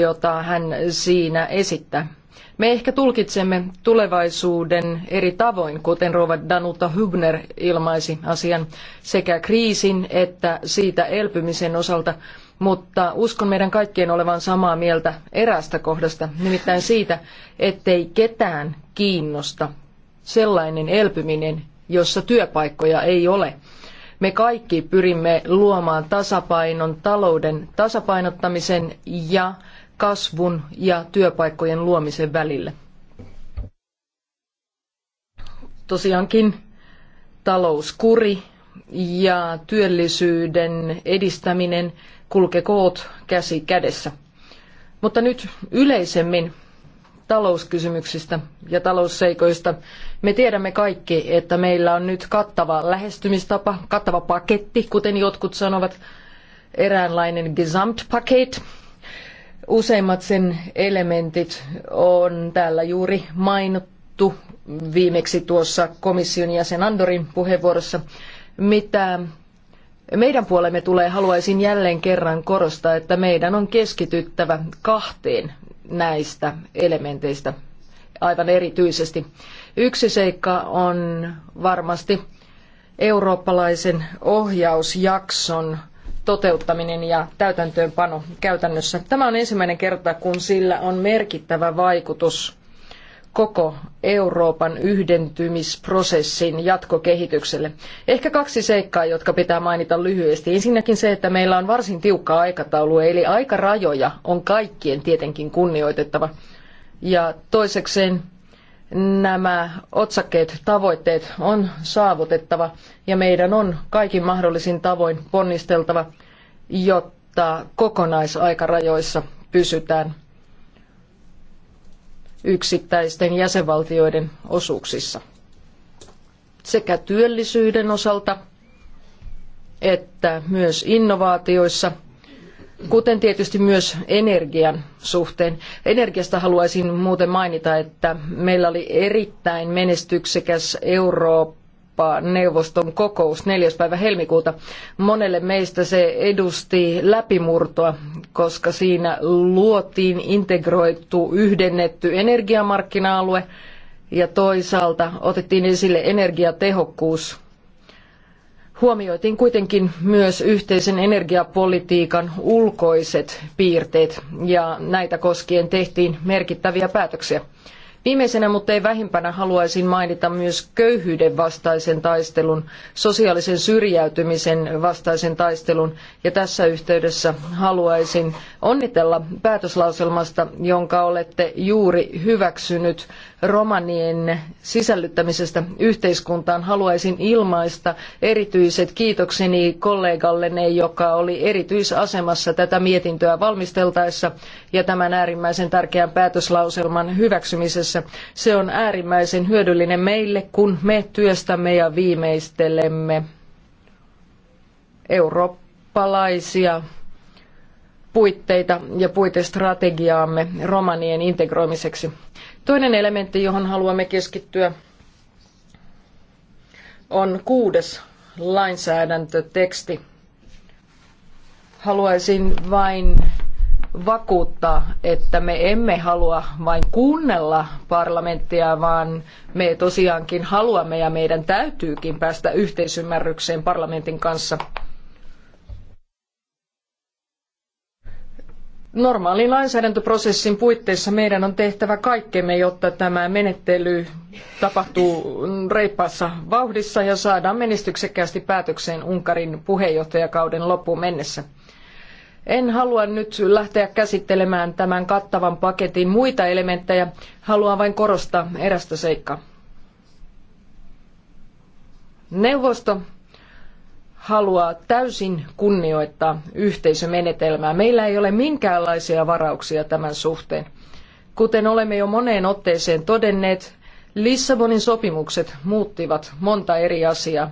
jota hän siinä esittää. Me ehkä tulkitsemme tulevaisuuden eri tavoin, kuten Rova Danuta Hübner ilmaisi asian sekä kriisin että siitä elpymisen osalta, mutta uskon meidän kaikkien olevan samaa mieltä eräästä kohdasta, nimittäin siitä, ettei ketään kiinnosta sellainen elpyminen, jossa työpaikkoja ei ole. Me kaikki pyrimme luomaan tasapainon talouden tasapainottamisen ja kasvun ja työpaikkojen luomisen välille. Tosiaankin talouskuri ja työllisyyden edistäminen kulkekoot käsi kädessä. Mutta nyt yleisemmin talouskysymyksistä ja talousseikoista. Me tiedämme kaikki, että meillä on nyt kattava lähestymistapa, kattava paketti, kuten jotkut sanovat, eräänlainen Gesamtpaket, Useimmat sen elementit on täällä juuri mainittu viimeksi tuossa komission jäsen Andorin puheenvuorossa. Mitä meidän puolemme tulee, haluaisin jälleen kerran korostaa, että meidän on keskityttävä kahteen näistä elementeistä aivan erityisesti. Yksi seikka on varmasti eurooppalaisen ohjausjakson toteuttaminen ja täytäntöönpano käytännössä. Tämä on ensimmäinen kerta, kun sillä on merkittävä vaikutus koko Euroopan yhdentymisprosessin jatkokehitykselle. Ehkä kaksi seikkaa, jotka pitää mainita lyhyesti. Ensinnäkin se, että meillä on varsin tiukka aikataulu, eli aikarajoja on kaikkien tietenkin kunnioitettava. Ja toisekseen nämä otsakkeet, tavoitteet on saavutettava ja meidän on kaikin mahdollisin tavoin ponnisteltava jotta kokonaisaikarajoissa pysytään yksittäisten jäsenvaltioiden osuuksissa. Sekä työllisyyden osalta että myös innovaatioissa, kuten tietysti myös energian suhteen. Energiasta haluaisin muuten mainita, että meillä oli erittäin menestyksekäs Eurooppa Eurooppa-neuvoston kokous 4. päivä helmikuuta. Monelle meistä se edusti läpimurtoa, koska siinä luotiin integroitu, yhdennetty energiamarkkina-alue ja toisaalta otettiin esille energiatehokkuus Huomioitiin kuitenkin myös yhteisen energiapolitiikan ulkoiset piirteet ja näitä koskien tehtiin merkittäviä päätöksiä. Viimeisenä, mutta ei vähimpänä, haluaisin mainita myös köyhyyden vastaisen taistelun, sosiaalisen syrjäytymisen vastaisen taistelun. Ja tässä yhteydessä haluaisin onnitella päätöslauselmasta, jonka olette juuri hyväksynyt romanien sisällyttämisestä yhteiskuntaan. Haluaisin ilmaista erityiset kiitokseni kollegalleni, joka oli erityisasemassa tätä mietintöä valmisteltaessa ja tämän äärimmäisen tärkeän päätöslauselman hyväksymisessä työssä. Se on äärimmäisen hyödyllinen meille, kun me työstämme ja viimeistelemme eurooppalaisia puitteita ja puitestrategiaamme romanien integroimiseksi. Toinen elementti, johon haluamme keskittyä, on kuudes lainsäädäntöteksti. Haluaisin vain vakuuttaa, että me emme halua vain kuunnella parlamenttia, vaan me tosiaankin haluamme ja meidän täytyykin päästä yhteisymmärrykseen parlamentin kanssa. Normaalin lainsäädäntöprosessin puitteissa meidän on tehtävä kaikkemme, jotta tämä menettely tapahtuu reippaassa vauhdissa ja saadaan menestyksekkäästi päätökseen Unkarin puheenjohtajakauden loppuun mennessä. En halua nyt lähteä käsittelemään tämän kattavan paketin muita elementtejä, haluan vain korostaa erästä seikkaa. Neuvosto haluaa täysin kunnioittaa yhteisömenetelmää. Meillä ei ole minkäänlaisia varauksia tämän suhteen. Kuten olemme jo moneen otteeseen todenneet, Lissabonin sopimukset muuttivat monta eri asiaa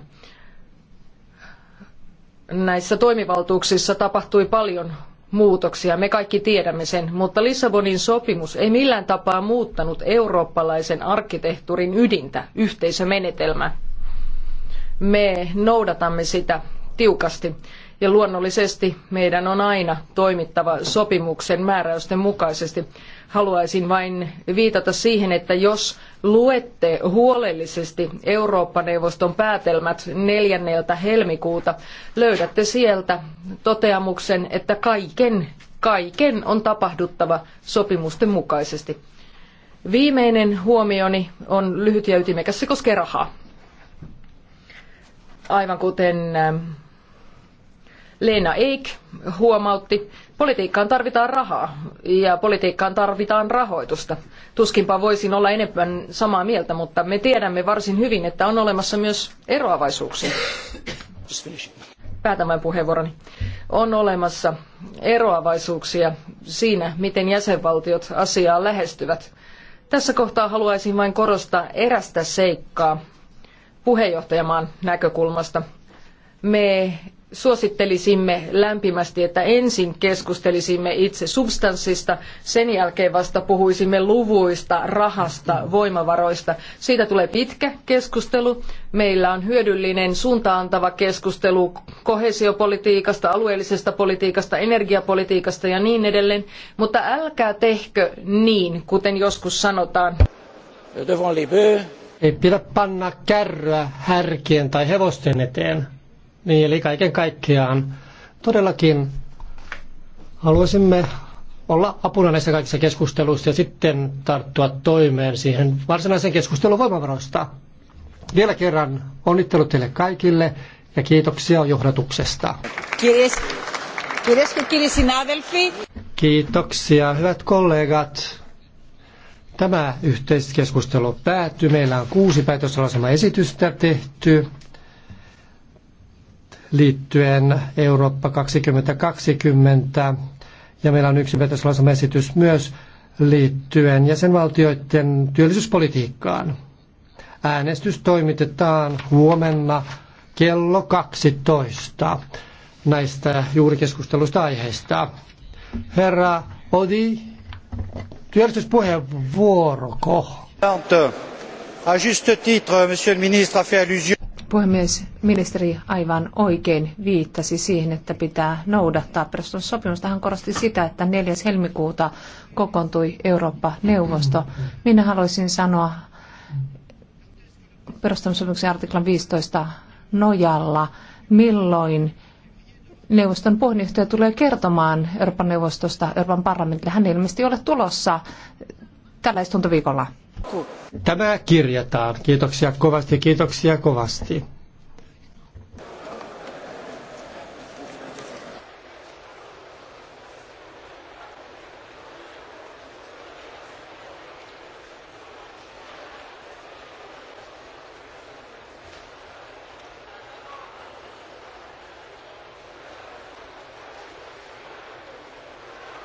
näissä toimivaltuuksissa tapahtui paljon muutoksia, me kaikki tiedämme sen, mutta Lissabonin sopimus ei millään tapaa muuttanut eurooppalaisen arkkitehtuurin ydintä, yhteisömenetelmää. Me noudatamme sitä tiukasti. Ja luonnollisesti meidän on aina toimittava sopimuksen määräysten mukaisesti. Haluaisin vain viitata siihen, että jos luette huolellisesti Eurooppa-neuvoston päätelmät 4. helmikuuta, löydätte sieltä toteamuksen, että kaiken, kaiken on tapahduttava sopimusten mukaisesti. Viimeinen huomioni on lyhyt ja ytimekäs, se koskee rahaa. Aivan kuten ähm, Leena Eik huomautti, politiikkaan tarvitaan rahaa ja politiikkaan tarvitaan rahoitusta. Tuskinpa voisin olla enemmän samaa mieltä, mutta me tiedämme varsin hyvin, että on olemassa myös eroavaisuuksia. Päätämään puheenvuoroni. On olemassa eroavaisuuksia siinä, miten jäsenvaltiot asiaa lähestyvät. Tässä kohtaa haluaisin vain korostaa erästä seikkaa puheenjohtajamaan näkökulmasta. Me suosittelisimme lämpimästi, että ensin keskustelisimme itse substanssista, sen jälkeen vasta puhuisimme luvuista, rahasta, voimavaroista. Siitä tulee pitkä keskustelu. Meillä on hyödyllinen suuntaantava keskustelu koheesiopolitiikasta, alueellisesta politiikasta, energiapolitiikasta ja niin edelleen. Mutta älkää tehkö niin, kuten joskus sanotaan. Ei pidä panna kärryä härkien tai hevosten eteen. Niin, eli kaiken kaikkiaan todellakin haluaisimme olla apuna näissä kaikissa keskusteluissa ja sitten tarttua toimeen siihen varsinaiseen keskustelun voimavaroista. Vielä kerran onnittelut teille kaikille ja kiitoksia johdatuksesta. Kiitos. Kiitos, Kiitoksia, hyvät kollegat. Tämä yhteiskeskustelu päättyy. Meillä on kuusi päätösalaisema esitystä tehty liittyen Eurooppa 2020. Ja meillä on yksi esitys myös liittyen jäsenvaltioiden työllisyyspolitiikkaan. Äänestys toimitetaan huomenna kello 12 näistä juuri keskustelusta aiheista. Herra Odi, työllisyyspuheenvuoroko? A juste titre, monsieur le ministre a fait allusion. Puhemies, ministeri aivan oikein viittasi siihen, että pitää noudattaa perustussopimusta. Hän korosti sitä, että 4. helmikuuta kokoontui Eurooppa-neuvosto. Minä haluaisin sanoa perustamissopimuksen artiklan 15 nojalla, milloin neuvoston puheenjohtaja tulee kertomaan Euroopan neuvostosta Euroopan parlamentille. Hän ei ilmeisesti ole tulossa tällä istuntoviikolla. Tämä kirjataan. Kiitoksia kovasti, kiitoksia kovasti.